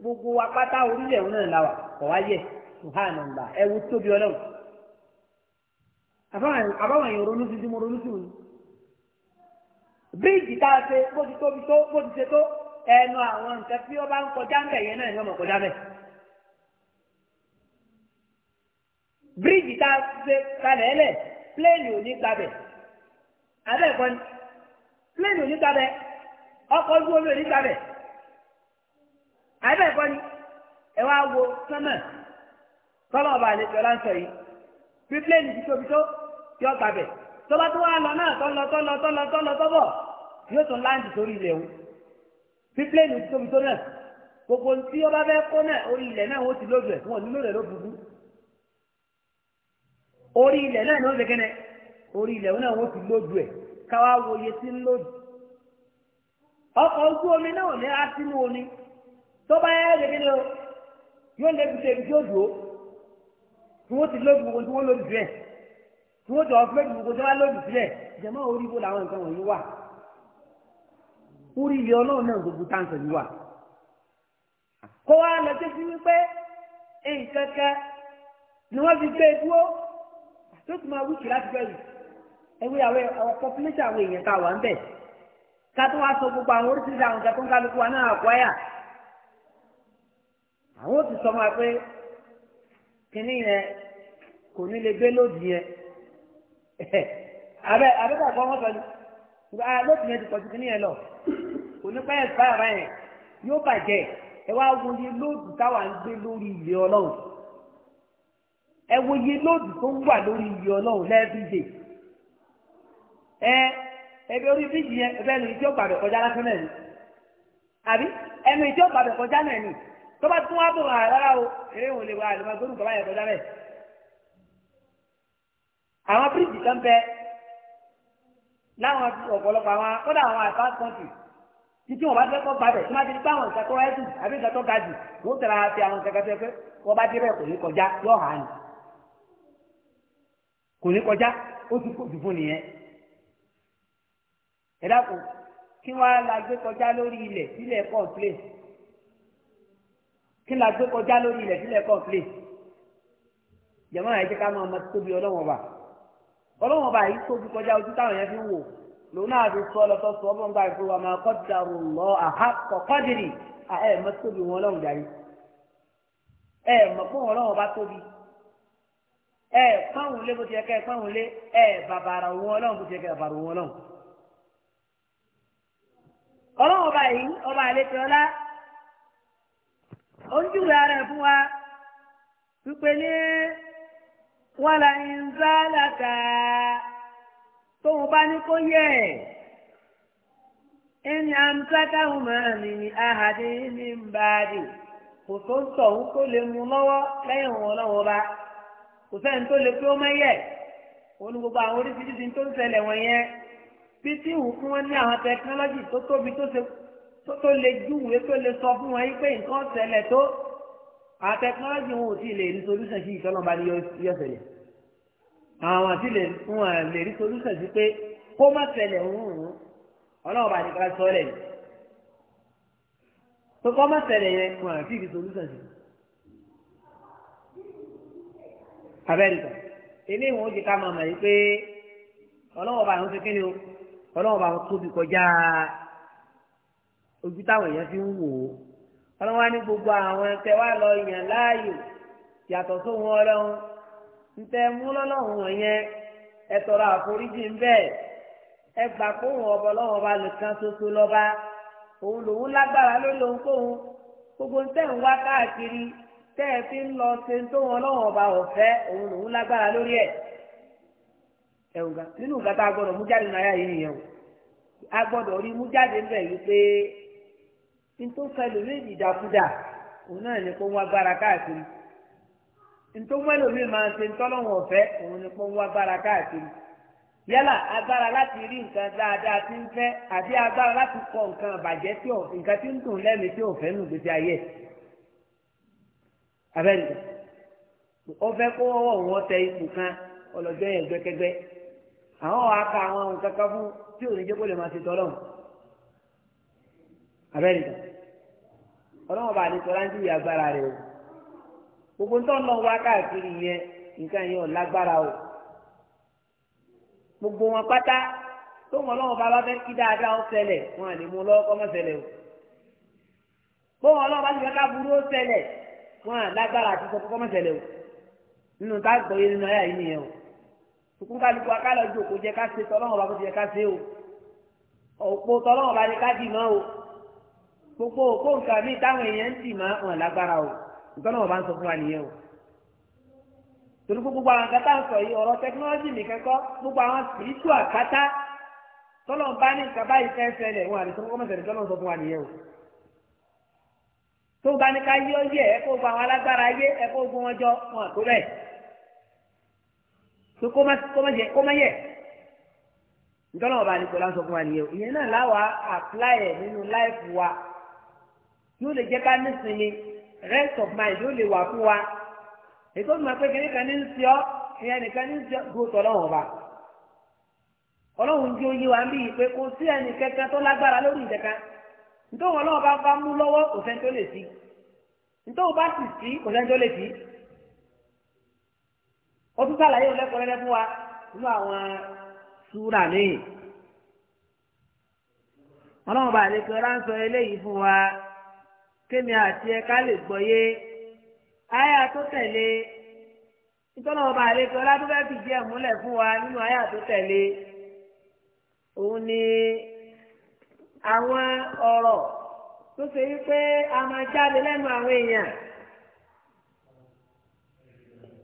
[SPEAKER 2] gbogbo apáta orílẹ̀ òun náà là wà kọ̀ wáyé ṣùgbọ́n àná ń gbà ẹ wo tóbi ọlọ́run àbáwọn èèyàn ronú sí mo ronú sí òun bíríìjì tá a ṣe bó ti tóbi tó bó ti ṣe tó ẹnu àwọn nǹkan tí wọ́n bá ń kọjá ń bẹ̀ yẹn náà ni wọ́n mọ̀ kọjá bẹ̀. bíríìjì tá a ṣe kalẹ̀ ẹlẹ̀ pléènì ò ní gbabẹ̀ abẹ́ẹ̀kọ́ ni pléènì ò ní gbabẹ̀ ọkọ̀ ojú omi ò ní gbabẹ̀ abẹ́ẹ̀kọ́ ni ẹ wá wo sọ́mọ̀ kọ́lọ̀ ọba àlejò ọlá ń sọ yìí bí pléènì ti tóbi tó yọ gbàbẹ̀ tọ́ba tó wà lọ náà tọ́lọ tọ́lọ tọ́lọ tọ́lọ tọ́bọ̀ yóò tún láǹdì sórí ilẹ̀ o bí pléènì tóbi tó náà gbogbo tí ọba fẹ́ kó náà orí ilẹ̀ náà wọ́n ti lójú ẹ̀ wọ́n nílò ló bubú orí ilẹ̀ náà ni wọ́n fẹ́ orí ilẹ̀ náà wọ́n ti lójú ẹ̀ wo iye tí ń lójú ọkọ̀ ojú omi náà ní a omi tó bá yẹ́ lè o yóò lè fi ibi tí ó dùn ó tí ti lójú gbogbo tí wọ́n lójú tí wọ́n jọ fẹ́ gbogbo tí wọ́n lòdì sílẹ̀ jẹ̀mọ́ orí bó làwọn nǹkan wọ̀nyí wà orí ilé ọlọ́run náà gbogbo táǹkì yìí wà. kó wá lọ sí sí wípé nǹkan kan ni wọ́n fi gbé e dúró tó ti máa wíkì láti bẹ̀rù ẹwé àwọn population àwọn èèyàn tá a wà ń bẹ̀ ká tó wá sọ gbogbo àwọn oríṣiríṣi àwọn nǹkan tó ń kálukú wa náà àkwáyà àwọn ò ti sọ máa pé kínní yẹn kò ní lè gbé lòdì yẹn abẹ́ abẹ́ bàbá wọn sọ ni ah, lóòtù yẹn ti pọ̀ ju kínní yẹn lọ onípa ẹ̀ fà ara yẹn yóò bàjẹ́ ẹ wá wo iye lóòtù táwa ń gbé lórí ilé ọlọ́run ẹ wo iye lóòtù tó ń wà lórí ilé ọlọ́run lẹ́ẹ̀fíjì ẹ ẹbí orí fíjì yẹn ẹbí ẹnu ìjọ gbàdọ̀ kọjá lásán náà ni àbí ẹnu ìjọ gbàdọ̀ kọjá náà ni tó tún wá bò ah, rárá o eré ìwòlè wa àlùmọ́ gbórùn kọ́ bá yẹ kọjá bẹ́ẹ̀ àwọn bíríìjì kan bẹ láwọn ọ̀pọ̀lọpọ̀ àwọn kọ́dà àwọn advanced country títí wọn bá fẹ́ kọ́ gbàdẹ̀ tí wọ́n ti di pé àwọn ìṣàkóso ẹ̀dùn àbí ìṣàkóso ga jù wọ́n tẹ̀lé ara fi àwọn ìṣàkóso ẹ̀fẹ́ wọ́n bá dé bẹ́ẹ̀ kò ní kọjá yóò hàn ní kò ní kọjá ó ti kóòtù fún nìyẹn ẹ dákun kí wọ́n á la gbé kọjá lórí ilẹ̀ sílẹ̀ kọ́ńplé kí la gbé kọjá lórí ilẹ̀ sílẹ̀ kọ́ńplé jẹ̀mọ́ àyẹ̀jẹ̀ ọlọ́wọ́n bá yìí tóbi kọjá ojú táwọn yẹn fi wò lòun náà fi sọ lọ́tọ́ sọ ọlọ́run bá ìfowó lọ àhàkọ́ kọ́dìrì ẹ mọ tóbi wọn ọlọ́run jàre ẹ wọn bá tóbi ẹ pọ́nwó lé bó ti yẹ ká ẹ pọ́nwó lé ẹ bàbàrà wọn ọlọ́run bó ti yẹ ká bàbàrà wọn ọlọ́run. ọlọ́run ọba yìí ọba wọ́n la ń zá làkà tóun bá ní kó yẹ ẹni àmsáká hùmàmì àhàdé ní mbàdì kò tó ń sọ òun tó lè mú lọ́wọ́ lẹ́yìn òun ọlọ́wọ́ bá kò sẹ́ni tó lè pé ó má yẹ òun ní gbogbo àwọn oríṣiríṣi tó ń ṣẹlẹ̀ wọ̀n yẹn bí tí ìwù fún wọn ní àwọn tẹkinọ́lọ́jì tó tóbi tó le júwèé tó le sọ fún wọn yí pé nǹkan ṣẹlẹ̀ tó àwọn tẹkinọ́lọ́jì wọn ò tí ì lè rí solúsàn sí ìtọ́lọ́mọba ní yọ̀sẹ̀lẹ̀ àwọn àti lè wọn lè rí solúsàn sí pé kó má ṣẹlẹ̀ òun ọlọ́run bá nìkan sọ́ọ̀lẹ̀ ni tó kọ́ má ṣẹlẹ̀ yẹn wọn àti rí solúsàn sí. abẹ́rìkà ilé ìwọ̀n ojú ká máa mọ̀ yìí pé ọlọ́run bá àwọn ṣe o ọlọ́run bá àwọn tóbi kọjá ojú táwọn èèyàn fi ń wò ó. ọlọ́run wá ní gbogbo àwọn tẹ wá lọ yàn láàyò yàtọ̀ sóhun ọlọ́run ntẹ mú lọ́lọ́run àforíjì ń ẹ gbà kóhun ọbọ lọ́wọ́ lọ́ba òun tó wọn ọba ọ̀fẹ́ òun lòun lágbára lórí ẹ̀ ẹ̀wùgà nínú tá a gbọ́dọ̀ mú jáde nítorí pẹ̀lú mi ìdàkudà òun náà ní kó ń wá gbára káàkiri nítorí pẹ̀lú mi máa ń ṣe ntọ́lọ́wọ̀n ọ̀fẹ́ òun ní kó ń wá gbára káàkiri yálà agbára láti rí nǹkan dáadáa tí ń fẹ́ àbí agbára láti kọ nǹkan àbàjẹ́ tí ò nǹkan tí ń dùn lẹ́mìí tí ò fẹ́ nù gbèsè ayé abẹ́rẹ́ ó fẹ́ kó ọwọ́ wọn tẹ ipò kan ọlọ́jọ́ yẹn gbẹ́kẹ́gbẹ́ àwọn wa ka àwọn nǹkan kan fún tí ò ní jẹ́ kó lè máa ṣe tọ́lọ́mù abẹ́rẹ́ ọlọ́wọ́n bá ní sọ́lá ń jìyà agbára rẹ o gbogbo ntọ́ lọ wá káàkiri yẹn nǹkan yẹn ò lágbára o gbogbo wọn pátá tó wọn lọ́wọ́ bá bá fẹ́ kí dáadáa ó ṣẹlẹ̀ wọn à mú lọ́wọ́ kọ́ mọ́ o bó wọn lọ́wọ́ bá ti fẹ́ ká burú ó ṣẹlẹ̀ wọn à lágbára àti sọ kọ́ mọ́ ṣẹlẹ̀ o nínú tá a gbọ́ yé nínú ayé yìí nìyẹn o tukun kálukú akálọ̀ ju òkú jẹ ká ṣe tọ́lọ́wọ́ bá kó ti jẹ ká ṣe o òpó tọ́lọ́wọ́ bá ní ká dì náà o gbogbo òkó nǹkan mi táwọn èèyàn ń tì mọ́ wọn lágbára o nǹkan náà wọ́n bá ń sọ fún wa nìyẹn o torí gbogbo àwọn kata ń sọ yìí ọ̀rọ̀ tẹkinọ́lọ́jì nìkan kọ́ gbogbo àwọn spiritu àkátá tọ́lọ̀ ń bá ní nǹkan báyìí fẹ́ ṣẹlẹ̀ wọn àdìsọ́ kọ́mọ̀ sẹ̀lẹ̀ tọ́lọ̀ ń sọ fún wa nìyẹn o tó bá ní ká yí ọ yẹ ẹ kó gbogbo àwọn alágbára yé ẹ kó gbogbo wọn jọ wọn àtó bẹ́ẹ̀ tó kó má yẹ nǹkan náà wọ́n bá ní kó láǹsọ yóò lè jẹ́ ká nísìnyí rest of mind yóò lè wà fún wa ètò ìmọ̀ pé kìnìún kan ní ń sọ ìyá nìkan ní ń sọ dúró tọ́lọ́wọ̀n ọba ọlọ́run jó yé wa bí pé kò sí ẹnì kankan tó lágbára lórí ìjẹka nítorí ọlọ́run bá bá mú lọ́wọ́ kò sẹ́ni tó lè sí nítorí bá sì sí kò sẹ́ni tó lè sí ó tún sàlàyé òlẹ́kọ̀ọ́ lẹ́lẹ́ fún wa nínú àwọn súrà míì ọlọ́run bá lè kí ọlá eléyìí fún wa kémi àti ẹ̀ka lè gbọ́yé àyà tó tẹ̀lé nítorí ọba àlejò ọládúgbẹ́ fìdí ẹ̀ múlẹ̀ fún wa nínú àyà tó tẹ̀lé òun ni àwọn ọ̀rọ̀ tó ṣe wípé a máa jáde lẹ́nu àwọn èèyàn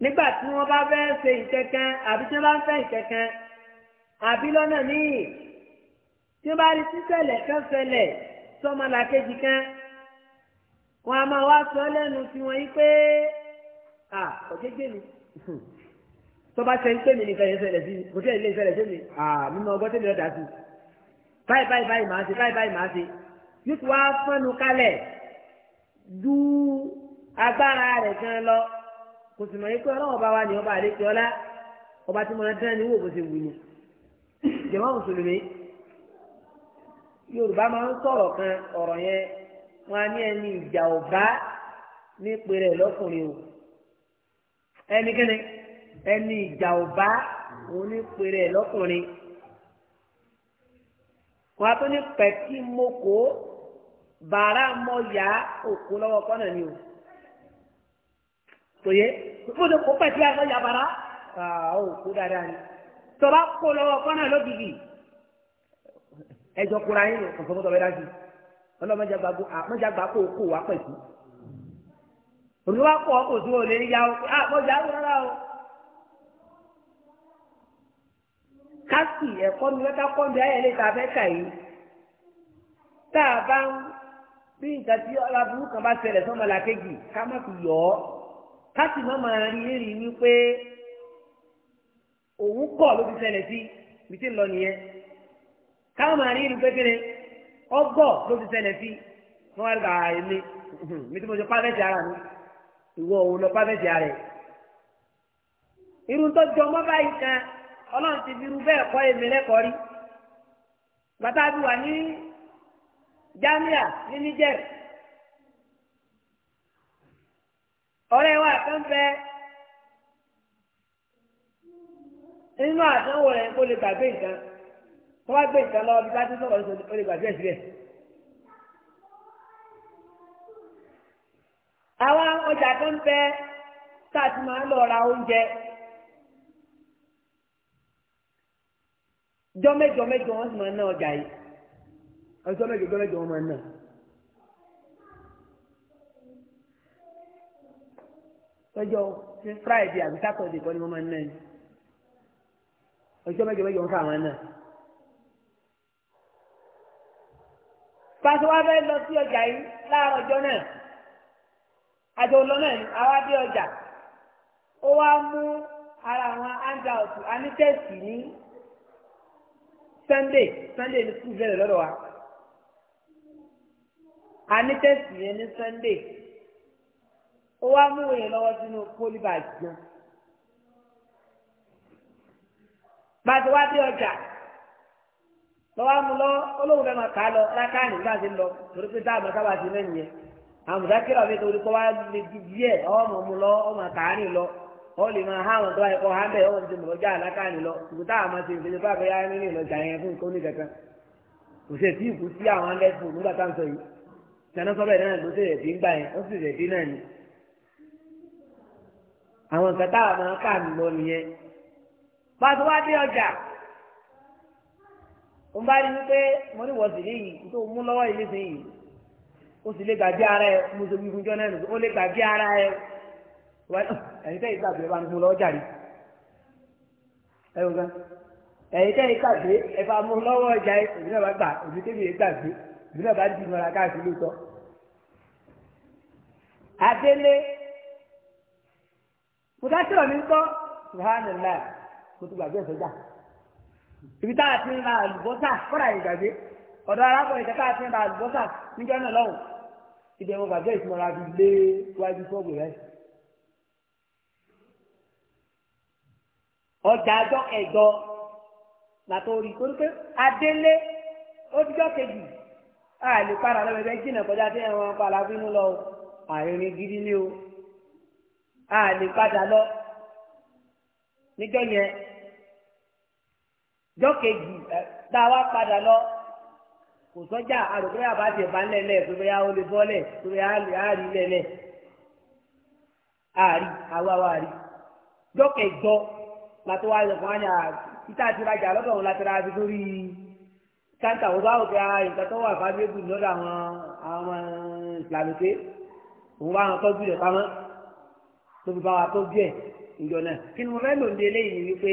[SPEAKER 2] nígbà tí wọ́n bá fẹ́ ṣe ìkẹ̀kẹ́ àbí tí wọ́n bá ń fẹ́ ìkẹ̀kẹ́ àbí lọ́nà míì tí wọ́n bá rí sísẹ̀lẹ̀ kan ṣẹlẹ̀ sọ́mọlàkejì kan wọn a máa wá sọ lẹ́nu tí wọ́n yí pé à ọ̀gẹ́gẹ́ mi tó bá ṣe ń pè mí nìkan yẹn ṣẹlẹ̀ sí mi kò sí ẹ̀ lè ṣẹlẹ̀ sí mi à mímọ ọgbọ́n tèmi lọ́dà sí báyìí báyìí báyìí màá ṣe báyìí báyìí màá ṣe yóò ti wá fọ́nù kalẹ̀ ju agbára rẹ̀ gan lọ kò sì mọ̀ yí pé ọlọ́wọ́ bá wa ní ọba àdékè ọlá ọba tí mo rán dán ni wò bó ṣe wù ni jẹ̀mọ́ mùsùlùmí Yorùbá máa ń sọ̀rọ̀ kan ọ̀rọ̀ yẹn wọn á ní ẹni ìjà ọ̀bá ní ìpèrè lọ́kùnrin o ẹnikẹ́ni ẹni ìjà ọ̀bá òun ní ìpèrè lọ́kùnrin wọn á tún ní pẹ̀kí moko bàárà mọ yá òkú lọ́wọ́ kọ́nà ni o tòye fún mi kò pẹ̀kí àmọ́ yá bàárà òkú dáadáa ni tọ́ba kó lọ́wọ́ kọ́nà lójijì ẹjọ́ kura yín lọ kọ̀ọ̀kan tó dájú ọlọ́mọdéjàgbà kó kó wa pẹ̀sì olùwà pọ̀ kò tó o lè ya o àmọ́jà rárá o kásì ẹ̀kọ́ mi lọ́ta kọ́ mi ayẹyẹ ta fẹ́ kà yìí tá a bá ń bí nǹkan tí ọlábùrú kan bá ṣẹlẹ̀ sọ́mọ làkejì ká má fi yọ ọ́ kásì má máa rí rí ni pé òun kọ̀ ló fi ṣẹlẹ̀ sí mi ti lọ nìyẹn ká má rí rí pé kéde ọgbọ ló ti ṣẹlẹ̀ sí wọn wá gba èmi mi tí mo jọ pàfẹ́tì ara mi ìwọ òun lọ pàfẹ́tì ara ẹ irú tó jọ mọ́ báyìí kan ọlọ́run ti fi irú bẹ́ẹ̀ kọ́ èmi lẹ́kọ̀ọ́ rí bàtà bí wà ní Jamia ní Niger ọ̀rẹ́ wa kan fẹ́ẹ́. nínú àdánwò rẹ̀ kó lè gbàgbé nǹkan tó wá gbé nǹkan lọ bí bá ti sọ̀rọ̀ ní o lè gbàgbé ẹ̀ síbẹ̀. àwọn ọjà tó ń bẹ tá a ti máa ń lọ ra oúnjẹ jọ́mẹ́jọ mẹ́jọ wọ́n sì máa ń ná ọjà yìí ọjọ́ mẹ́jọ jọ́mẹ́jọ wọ́n máa ń ná. lọ́jọ́ friday àbí saturday kọ́ ni wọ́n máa ń ná yìí ọjọ́ mẹ́jọ mẹ́jọ wọ́n fà máa ń ná yìí. pàṣẹ wa fẹ́ lọ sí ọjà yìí láàárọ̀ ọjọ́ náà àjọ lọ náà ni àwa dé ọjà ó wá mú ara àwọn handout anítẹ̀sì ní Sunday Sunday ní school bẹ̀rẹ̀ lọ́dọ̀ wa anítẹ̀sì yẹn ní Sunday ó wá mú òyìn lọ́wọ́ sínú polybag gan pàṣẹ wa dé ọjà. lọ́wọ́ amúlọ́ olóhùn ma máa kà á lọ nígbà tí ń lọ torí pé dáàbò sábà ti lẹ́nu yẹn àmùdákìrà mi torí kọ́ wá lè di díẹ̀ lọ lọ ọ lè máa há àwọn tó wáyé kọ́ há bẹ́ẹ̀ ọmọ ti mọ̀lọ́jà alákàání lọ ìkútà ti nínú ìlọjà yẹn fún kò tí ìkú sí àwọn ń n bá rí i pé mo ní wọ́n sì lè yìí tó mú lọ́wọ́ ilé sí yìí ó sì lè gbàgbé ara ẹ mo sọ wíwú jọ náà nù ó lè gbàgbé ara ẹ ah, ẹ̀yin tẹ́ ìgbàgbé bá ń mú lọ́wọ́ jàre ẹ wò gan ẹ̀yin tẹ́ ìgbàgbé ẹ bá mú lọ́wọ́ ọjà ẹ òbí náà bá gbà òbí tẹ́bi ìgbàgbé òbí náà bá dì mọ́ra káàkiri lóòótọ́. adélé kò dá sí ọ̀mí ń kọ́ subhanallah kò ibi tá a ti ń ra àlùbọ́sà kọ́ra ìgbàgbé ọ̀dọ̀ arábọ̀nrin kẹta a ti ń ra àlùbọ́sà níjọ́ náà lọ́hùn ibẹ̀ mo bàjẹ́ ìsúnmọ́ra fi lé wájú fọ́ọ̀gù rẹ̀. ọjà àjọ ẹ̀dọ́ làtọ́ rí torí pé adélé ó dijọ́ kejì a lè para lọ́wọ́ ẹgbẹ́ jìnnà kọjá tí ẹ̀wọ̀n pa alábínú lọ àìrìn gidi ni o a lè padà lọ níjọ́ yẹn jọ́kejì tá a wá padà lọ kò sọ́jà àròkúrẹ́ àbájá ìbá ńlẹ̀lẹ̀ tó bẹ́yà ó lè bọ́lẹ̀ tó bẹ́yà á rí lẹ̀lẹ̀ àárí àwa wa rí jọ́kẹjọ láti wá lọ fún wa ní títà tí rajà lọ́dọ̀ òun láti ra fi sórí káńtà ó bá òkè ara nǹkan tó wà fábíyébù lọ́dọ̀ àwọn àwọn ìsìlámùké òun bá wọn tọ́jú rẹ̀ pamọ́ tó bá wa tó bí ẹ̀ ìjọ náà kí ni mo fẹ́ lòdì eléyìí wípé.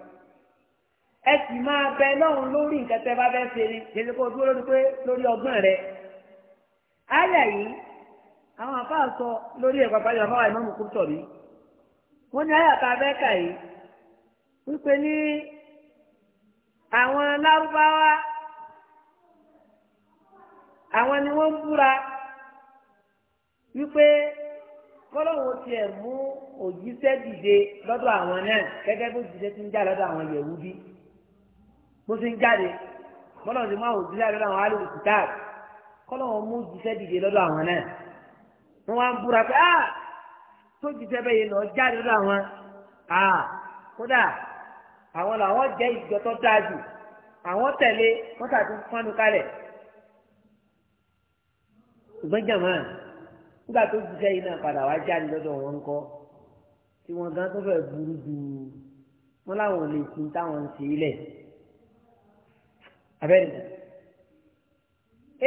[SPEAKER 2] ẹ sì máa bẹ lọ́hùn lórí nǹkan tẹ́ bá fẹ́ ṣe ni ṣèṣe kó dúró lórí pé lórí ọgbọ́n rẹ. àyà yìí àwọn àfáà sọ lórí ẹ̀ pàpà yóò fáwọn ìmọ̀mù kú tọ̀ mí. wọ́n ní àyà tá a yìí wípé ní àwọn lárúbáwá àwọn ni wọ́n ń búra wípé kọ́lọ́hún tiẹ̀ mú òjíṣẹ́ dìde lọ́dọ̀ àwọn náà gẹ́gẹ́ bó jíṣẹ́ ti ń jà lọ́dọ̀ àwọn yẹ̀wù bíi mo ti ń jáde bọ́lá ti mú àwọn òbí láàrin àwọn alẹ́ òkú tá kọ́lọ́ wọn mú jíṣẹ́ dìde lọ́dọ̀ àwọn náà wọ́n wá ń búra pé ah tó jíṣẹ́ bẹ́ẹ̀ yẹn lọ jáde lọ́dọ̀ àwọn ah kódà àwọn làwọn jẹ́ ìjọ tó dáa jù àwọn tẹ̀lé wọ́n tàbí fánu kalẹ̀ ṣùgbọ́n jàmá nígbà tó jíṣẹ́ yìí náà padà wá jáde lọ́dọ̀ wọn kọ́ tí wọ́n gan tó fẹ́ burú ju wọn láwọn lè fi táwọn ń ṣe ilẹ̀ abẹ́rẹ́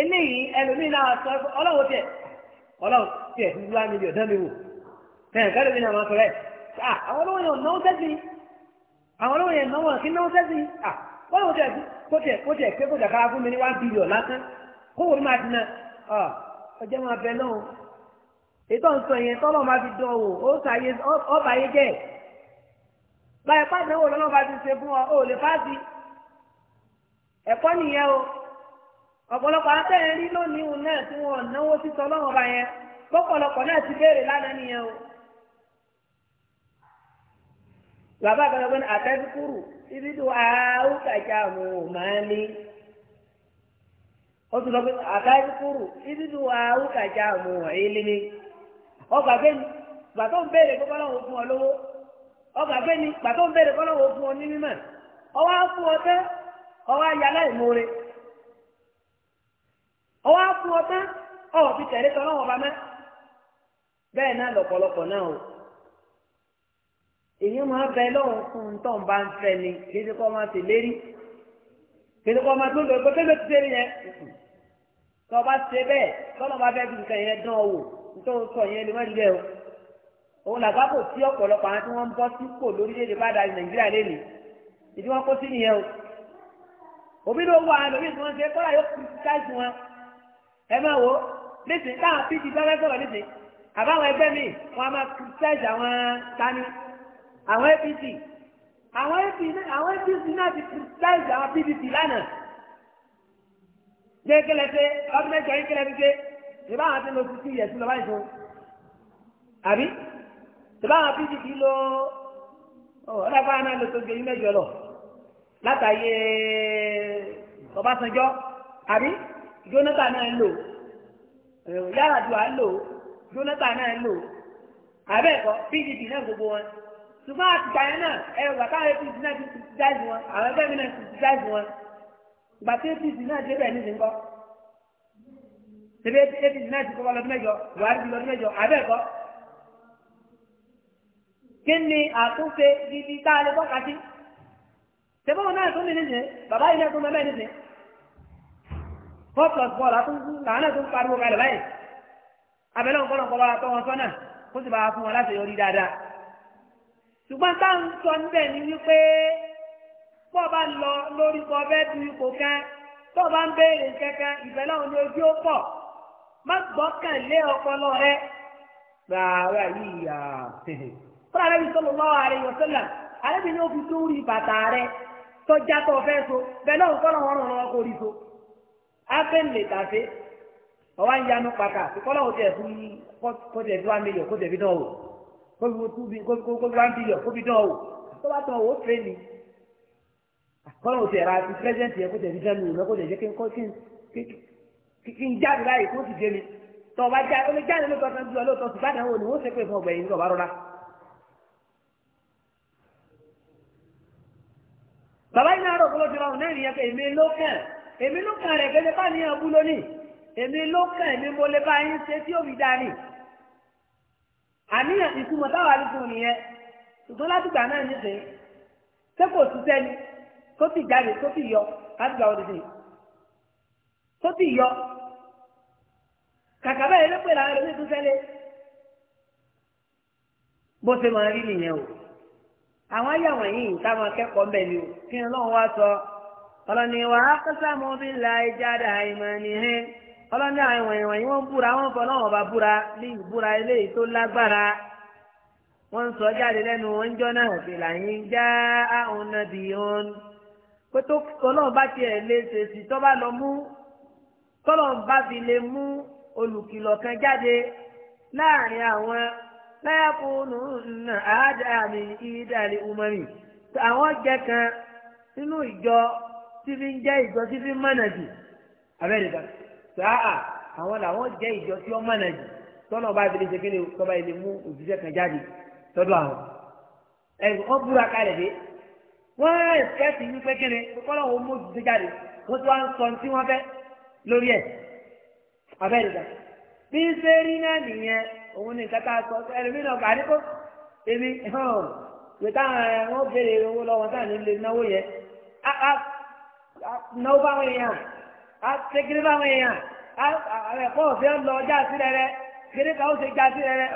[SPEAKER 2] eléyìí ẹlòmíì náà sọ ẹ ọlọ́wọ́ tiẹ̀ ọlọ́wọ́ tiẹ̀ fún wúlá mi lè ọ̀dọ́ mi wò fẹ́ẹ̀ kẹ́lẹ́ mi náà máa sọ rẹ̀ àwọn olówó yẹn náwó sẹ́sì àwọn olówó yẹn náwó kí náwó sẹ́sì ọlọ́wọ́ tiẹ̀ kó tiẹ̀ kó tiẹ̀ pé kó jà kára fún mi ní one billion lásán kó wò ó máa dina ọjọ́ máa bẹ náà ètò nsọ yẹn tọ́lọ́ máa fi dán o ó sàyè ọba yẹn jẹ́ báyìí pàṣẹ wo ẹ̀kọ́ nìyẹn o ọ̀pọ̀lọpọ̀ atẹ́yẹn rí lónìí òun náà tí wọ́n náwó sísọ lọ́wọ́ bá yẹn pọ́pọ̀lọpọ̀ náà ti béèrè lánàá nìyẹn o. bàbá àgbàlagbà ní àtẹ́síkúrù ibi tó àwùjájà mò máa ní. ó ti lọ pé àtẹ́síkúrù ibi tó àwùjájà mò ní. ọgbà ń béèrè kó bọ́lá ọ lówó ọgbà ni ń béèrè kó ọwọ́ ayálà ìmoore ọwọ́ afún ọtá ọwọ́ fi tẹ̀lé tọ́ lọ́wọ́ bàmẹ́ bẹ́ẹ̀ náà lọ́pọ̀lọpọ̀ náà o èyí máa bẹ lọ́wọ́ fún un tó ń bá ń fẹ́ ni kí ni kò máa ti lérí kí ni kò máa tó lọ gbọ́dọ̀ tó ti lérí yẹn tó bá ṣe bẹ́ẹ̀ tọ́lọ́ bá fẹ́ fi nǹkan yẹn dán o nítorí sọ yẹn lè má rí bẹ́ẹ̀ o òun làgbá kò sí ọ̀pọ̀lọpọ̀ àwọn tí wọ́n ń bọ́ sípò lórílẹ̀‐èdè bá darí Nàìjíríà lé òbí ló wà lórí ìtumọ̀ ṣe kọ́lá yóò kìrìtìkáìsì wọn ẹ máa wò ó nísìnyí táwọn pdp bẹ́ẹ̀ sọ̀rọ̀ nísìnyí àbáwọn ẹgbẹ́ mi wọn a máa kìrìtìkáìsì àwọn tani àwọn apc àwọn apc náà ti kìrìtìkáìsì àwọn pdp lánàá gbé kẹlẹsẹ ọdúnmẹjọ yín kẹlẹsẹ ìbá àwọn ti lọ sí yẹ sí lọ báyìí fún àbí ìbá àwọn pdp lọ ọ̀rọ̀ àbáwọn náà lọ sọ gbé yín mẹ́jọ lọ látàyè Ọbásanjọ́ àbí Jonathan náà ń lò Yar'Adua ń lò Jonathan náà ń lò àbẹ́ẹ̀kọ́ PDP náà gbogbo wọn ṣùgbọ́n àtìgbà yẹn náà ẹ wà káwọn APC náà ti criticize wọn àwọn ẹgbẹ́ mi náà ti criticize wọn ìgbà tí APC náà débẹ̀ ní nìkan ṣebí APC náà ti kọ́kọ́ lọ́dún mẹ́jọ Buhari ti lọ́dún mẹ́jọ àbẹ́ẹ̀kọ́ kí ni àtúnṣe ibi tá a lè bọ́ka sí tẹ́bọ́ náà tó ní níṣẹ́ bàbá ilé tó mẹ́lẹ́ níṣẹ́ four plus four làánà tó ń pariwo kalẹ̀ báyìí abẹ́lẹ́ òǹkọ́nà kọ́ bára tọ́ wọn sọ́nà kó sì bára fún wọn láti yọrí dáadáa ṣùgbọ́n táwọn sọ níbẹ̀ ni wípé pọ́ bá lọ lórí kọ́ bẹ́ẹ̀ du ipò kan tó bá ń béèrè kankan ìfẹ́ láwọn ní ojú ó pọ̀ má gbọ́kàn lé ọpọlọ rẹ gbàrà yìí yà tọ́já tó fẹ́ so bẹ́ẹ̀ náà kọ́ lọ́wọ́ ràn lọ́wọ́ kó rí so afẹ́ ń lè tàfé ọwọ́ ń yanu pàkà kọ́ lọ́wọ́ tẹ̀ fún kó tẹ̀ fi wá mílíọ̀ kó tẹ̀ fi dán o kó fi wá mílíọ̀ kó fi dán o tó bá tán o ó fẹ́ ni kọ́ lọ́wọ́ tẹ̀ ra ti pírẹ́sẹ̀ntì yẹ kó tẹ̀ fi dán mi ìmọ̀ kó tẹ̀ fi kí n jáde láyè kó sì dé mi tọ́ ọ bá jáde ó lè jáde lóòótọ́ bàbá yìí náà rò kó ló ti rọrùn náà nìyẹn pé èmi ló kàn èmi ló kàn rẹ̀ kéde bá níyàn bú lónìí èmi ló kàn èmi mo lè bá yín ṣe tí ò fi dání àníyàn ìtumọ̀ táwa ló fún nìyẹn ṣùgbọ́n látìgbà náà ní sè ṣé kò ṣiṣẹ́ ni tó ti jáde tó ti yọ látìgbà wọn dìde tó ti yọ kàkà bẹ́ẹ̀ ló pè láwọn ẹlòmíì tó fẹ́ lé bó ṣe máa rí nìyẹn o. àwọn ayé àwọn yìí táwọn akẹ́kọ̀ọ́ ni o kí ọlọ́run wá sọ ọlọ́ni wà á kásámú bí la ẹja dà àwọn ìwọ̀n yìí wọ́n búra wọ́n fọ ọlọ́run ọba búra ní tó lágbára wọ́n ń jáde lẹ́nu wọn náà já àwọn nàbì wọn pé tó ọlọ́run lé lẹ́yàkùnún àádáàmì ìdàlẹ̀ umari àwọn jẹ kan nínú ìjọ tí fi ń jẹ́ ìjọ tí fi ń mánàjì abẹ́rẹ́dà sáà àwọn làwọn jẹ́ ìjọ tí ó mánàjì tọ́nà ọba ìdílé ṣe kéde tọ́ba ìdílé mú òṣìṣẹ́ kan jáde tọ́dọ̀ àwọn ẹ̀sùn wọn búra kalẹ̀ dé wọ́n ẹ̀sẹ̀sì wípé kéde kọ́lọ́ wọn mú òṣìṣẹ́ jáde wọ́n ti wá ń sọ ní tí wọ́n fẹ́ lórí ẹ̀ abẹ́rẹ́dà bí ń ṣe rí náà nìyẹn òun ní kátà sọ ẹlòmínà ọgbà àdìpọ̀ èmi pé táwọn ẹ wọn béèrè owó lọ́wọ́ táwọn ní lè náwó yẹ á á náwó báwọn èèyàn á ṣe kiri báwọn èèyàn á ẹ̀kọ́ òfin ń lọ ọjà sílẹ̀ rẹ kiri kan ó ṣe já sílẹ̀ rẹ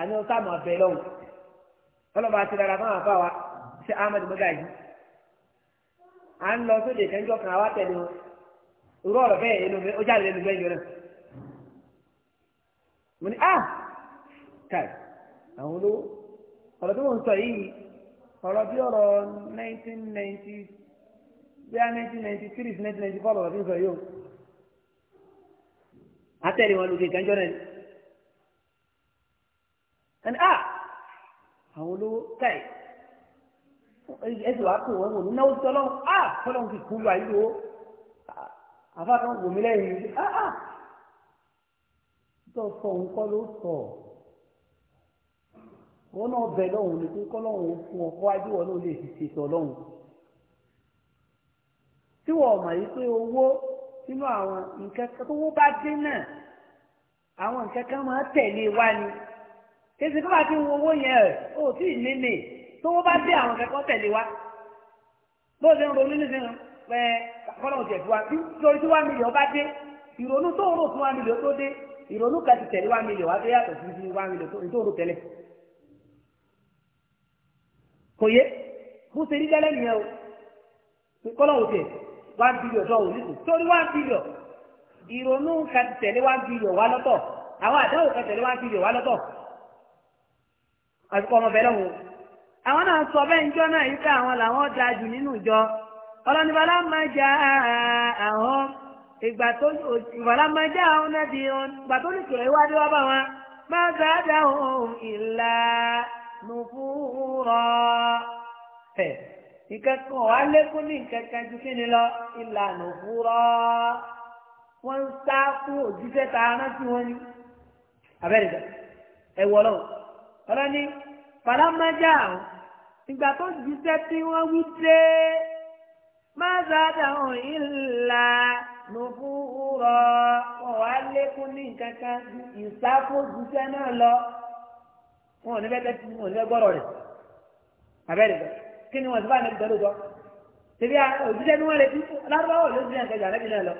[SPEAKER 2] àní ọ̀sán àmọ̀ ọ̀bẹ lọ́wọ́ ọlọ́ba àti rárá fáwọn afáwa ṣe ahmed magaji à ń lọ sóde kẹjọ kan àwa tẹ̀lé wọn irú ọ̀rọ̀ bẹ́ẹ̀ ẹnu mi ó jáde lẹ́nu bẹ́ẹ̀ yọ náà mo ní ah kai àwọn olówó ọ̀rọ̀ tí mò ń sọ
[SPEAKER 1] yìí ọ̀rọ̀ bí ọ̀rọ̀ 1990 bí a 1993 1994 ọ̀rọ̀ tí ń sọ yìí o
[SPEAKER 2] atẹ́rì wọn lókè kẹjọ rẹ̀ ẹni ah àwọn olówó kai ẹsẹ̀ wàá pè wọ́n wò ní náwó sọlọ́n ah sọlọ́n ti kú lu àyíwò àfáàkàn wò mí lẹ́yìn ah ah
[SPEAKER 1] tó sọ òun kọ́ ló sọ wọn náà bẹ lọ́hùn ní pé kọ́ lọ́hùn ó fún ọ kó wájú wọn ló lè fi ṣètò ọlọ́hùn tí wọ́n mọ̀ yìí
[SPEAKER 2] pé owó nínú àwọn nǹkan tó wó bá dé náà àwọn nǹkan máa tẹ̀lé wá ni kesi kó bá ti wo owó yẹn ẹ o tí ì nílé tówó bá dé àwọn kẹ́kọ̀ọ́ tẹ̀lé wa bó ṣe ń ronú nísìnyí ẹ kọlọ òjẹ fún wa bí torí tí wà mílíọ̀n bá dé ìrònú tó rò fún wa mílíọ̀n tó dé ìrònú kan ti tẹ̀lé one million wá tó yàtọ̀ sí sí one tó ń rò tẹ́lẹ̀ kò yé ṣe rí lẹ́lẹ́ nìyẹn o kọ́lọ́ òkè one billion tó òní kù torí one billion ìrònú kan ti tẹ̀lé wá lọ́tọ̀ àwọn àdáwò kan tẹ̀lé wá lọ́tọ̀ ọmọ bẹ́ẹ̀ lọ́wọ́ àwọn náà sọ bẹ́ẹ̀ níjọ́ náà yìí pé àwọn làwọn dáa jù nínú ìjọ ọlọ́nibàlá máa ìgbà tó ìwàlámọ́já àwọn nàbí wọn ìgbà tó nìkìlọ̀ ìwádìí wá bá wọn máa dáadáa ohun ìlà nùfúrọ̀ ẹ̀ ìkẹ́kọ̀ọ́ wa lékún ní nǹkankan ju kí ni lọ ìlà nùfúrọ̀ wọ́n ń sá fún òjíṣẹ́ ta rántí wọn ni abẹ́rẹ́ ẹ̀wọ̀ lọ́wọ́ ọlọ́ni ìwàlámọ́já àwọn ìgbà tó jíṣẹ́ tí wọ́n wí dé máa dáadáa ohun ìlà nùfúrọ̀ ọ̀wá lékún ní nǹkan kan ìsáfójúṣẹ́ náà lọ wọn ò ní bẹ́ẹ̀ tẹ́tí wọn ò ní bẹ́ẹ̀ gbọ́rọ̀ rẹ̀ abẹ́rẹ́ bẹ́ẹ̀ kí ni wọn ti bá ní ìgbà lóòótọ́ tẹ̀lé òjijẹ́ ni wọ́n lè fi lárúbáwò ló ti ẹ̀kẹ́jà rẹ̀ nílẹ̀ lọ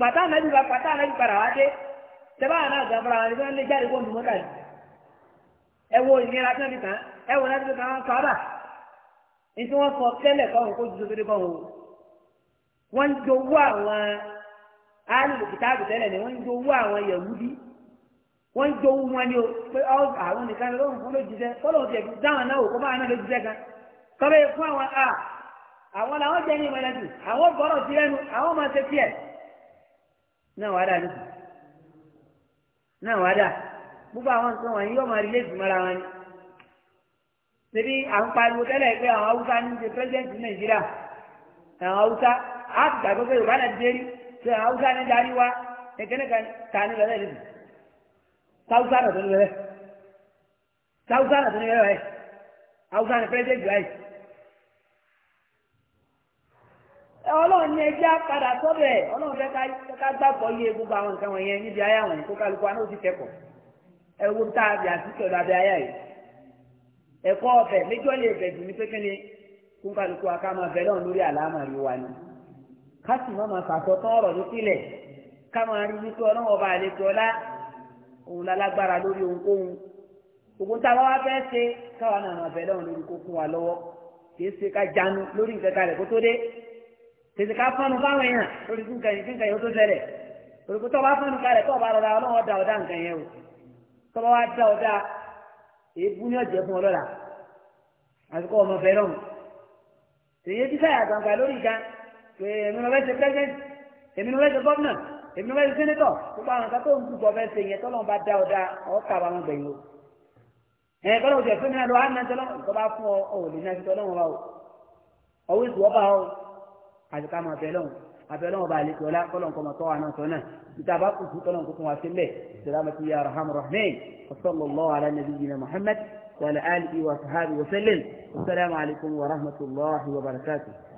[SPEAKER 2] bàtà nàbí bá pàtà nàbí padà wá dé tẹ̀bá àná àgbàfra wọn ni wọ́n lè jáde fóònù mọ́tà yìí ẹ wo ìnira tí wọ́n fi kàn ẹ wo láti fi kàn án sọ́ọ́dà ní tí wọ́n sọ tẹ́lẹ̀ kọ́ wọ́n ń jowó àwọn alùpùpù àbùtẹ́lẹ̀ ni wọ́n ń jowó àwọn yẹ̀wúdí wọ́n ń jowó wọn ni o pé àwọn nìkan ló ń fún lójijẹ́ kọ́lọ̀ tiẹ̀ fi dáhùn náà wò kó máa lójijẹ́ kan kọ́lọ̀ yẹ fún àwọn a àwọn làwọn jẹ́ ní ìmọ̀lẹ́ tù àwọn bọ́rọ̀ sí lẹ́nu àwọn máa ṣe tiẹ̀ náà wàá dà níbi náà wàá dà gbogbo àwọn nǹkan wọ̀nyí yóò máa rí léèfì mọ́ra wọn ni ṣebí à ń pariwo tẹ́lẹ̀ pé àwọn haúsá ní ṣe pẹ́sidẹ́ǹtì nàìjíríà àwọn haúsá á ti gbàgbọ́ pé yorùbá náà ti dérí ṣe haúsá ní darí wa ẹ̀kẹ́ni kan ta ní lọ́lẹ́ nìyí haúsá náà tó ní lọ́lẹ́ haúsá náà tó ní lọ́lẹ́ haúsá ní pẹ́ẹ́dẹ́gbì báyìí. ọlọ́run ní ẹjẹ́ padà sọ́bẹ̀ ọlọ́run fẹ́ ká gbàgbọ́ yé gbogbo àwọn nǹkan wọ̀nyẹn níbi ayé àwọn yìí kó kálukú aná òsì kẹ́kọ̀ọ́ ẹ tá a bì àtúntò lábẹ́ ayé yìí ẹ̀kọ́ ọ̀fẹ́ méjọ́ lè bẹ̀ jù ní pékélé kó kálukú aká máa bẹ̀ lọ́run lórí àlámà rí wa ni ká sì má máa sàkótán ọ̀rọ̀ nípìnlẹ̀ ká máa rí wípé ọlọ́wọ́ bá àlejò ọlá òun lálágbára lórí ohunkóhun ògùn tá a bá wá fẹ́ ṣe káwa náà máa bẹ̀ lọ́run lórí kó fún wa lọ́wọ́ kì í ṣe ká jánu lórí nǹkan kalẹ̀ kó tó dé tètè ká fọ́nù fáwọn èèyàn lórí kí nǹkan yìí ó tó ṣẹlẹ̀ òrùkú tó bá fọ́nù kalẹ̀ tó bá rọra ọlọ́wọ́ da ọ̀dà nǹkan yẹn o tó bá wá da ọ̀dà èébú ní ọ̀jẹ̀ fún ọlọ́la àti kó ọmọ fẹ́ lọ́run tèyí ti sáyà gbàǹgbà lórí gan pé èmi ló fẹ́ ṣe president èmi ló fẹ́ ṣe governor èmi ló fẹ́ ṣe senator gbogbo àwọn kan tó ń dùbọ̀ fẹ́ ṣe yẹn tọ́lọ́run bá dá ọ̀dà ọ̀ọ́kà wa wọn gbẹ̀yìn o ẹ̀ kọ́lọ́ òjò fún mi náà lọ á náà tọ́lọ́run tó bá fún ọ ò lè náà fi tọ́lọ́run wa o ọwọ́ ìtù ọba o àti ká máa bẹ̀ lọ́hùn abẹ́lẹ́wọ̀n bá àlejò ọlá kọ́lọ́n kọ́mọ tọ́wọ́ àná sọ náà níta bá kùtù kọ́lọ́n kó fún wa sílẹ̀ sàlámàtì ya rahman rahman wa sallallahu ala nabiyyina muhammad wa ala alihi wa sahabi wa
[SPEAKER 1] sallam wa alaykum wa rahmatulahi wa barakatuh.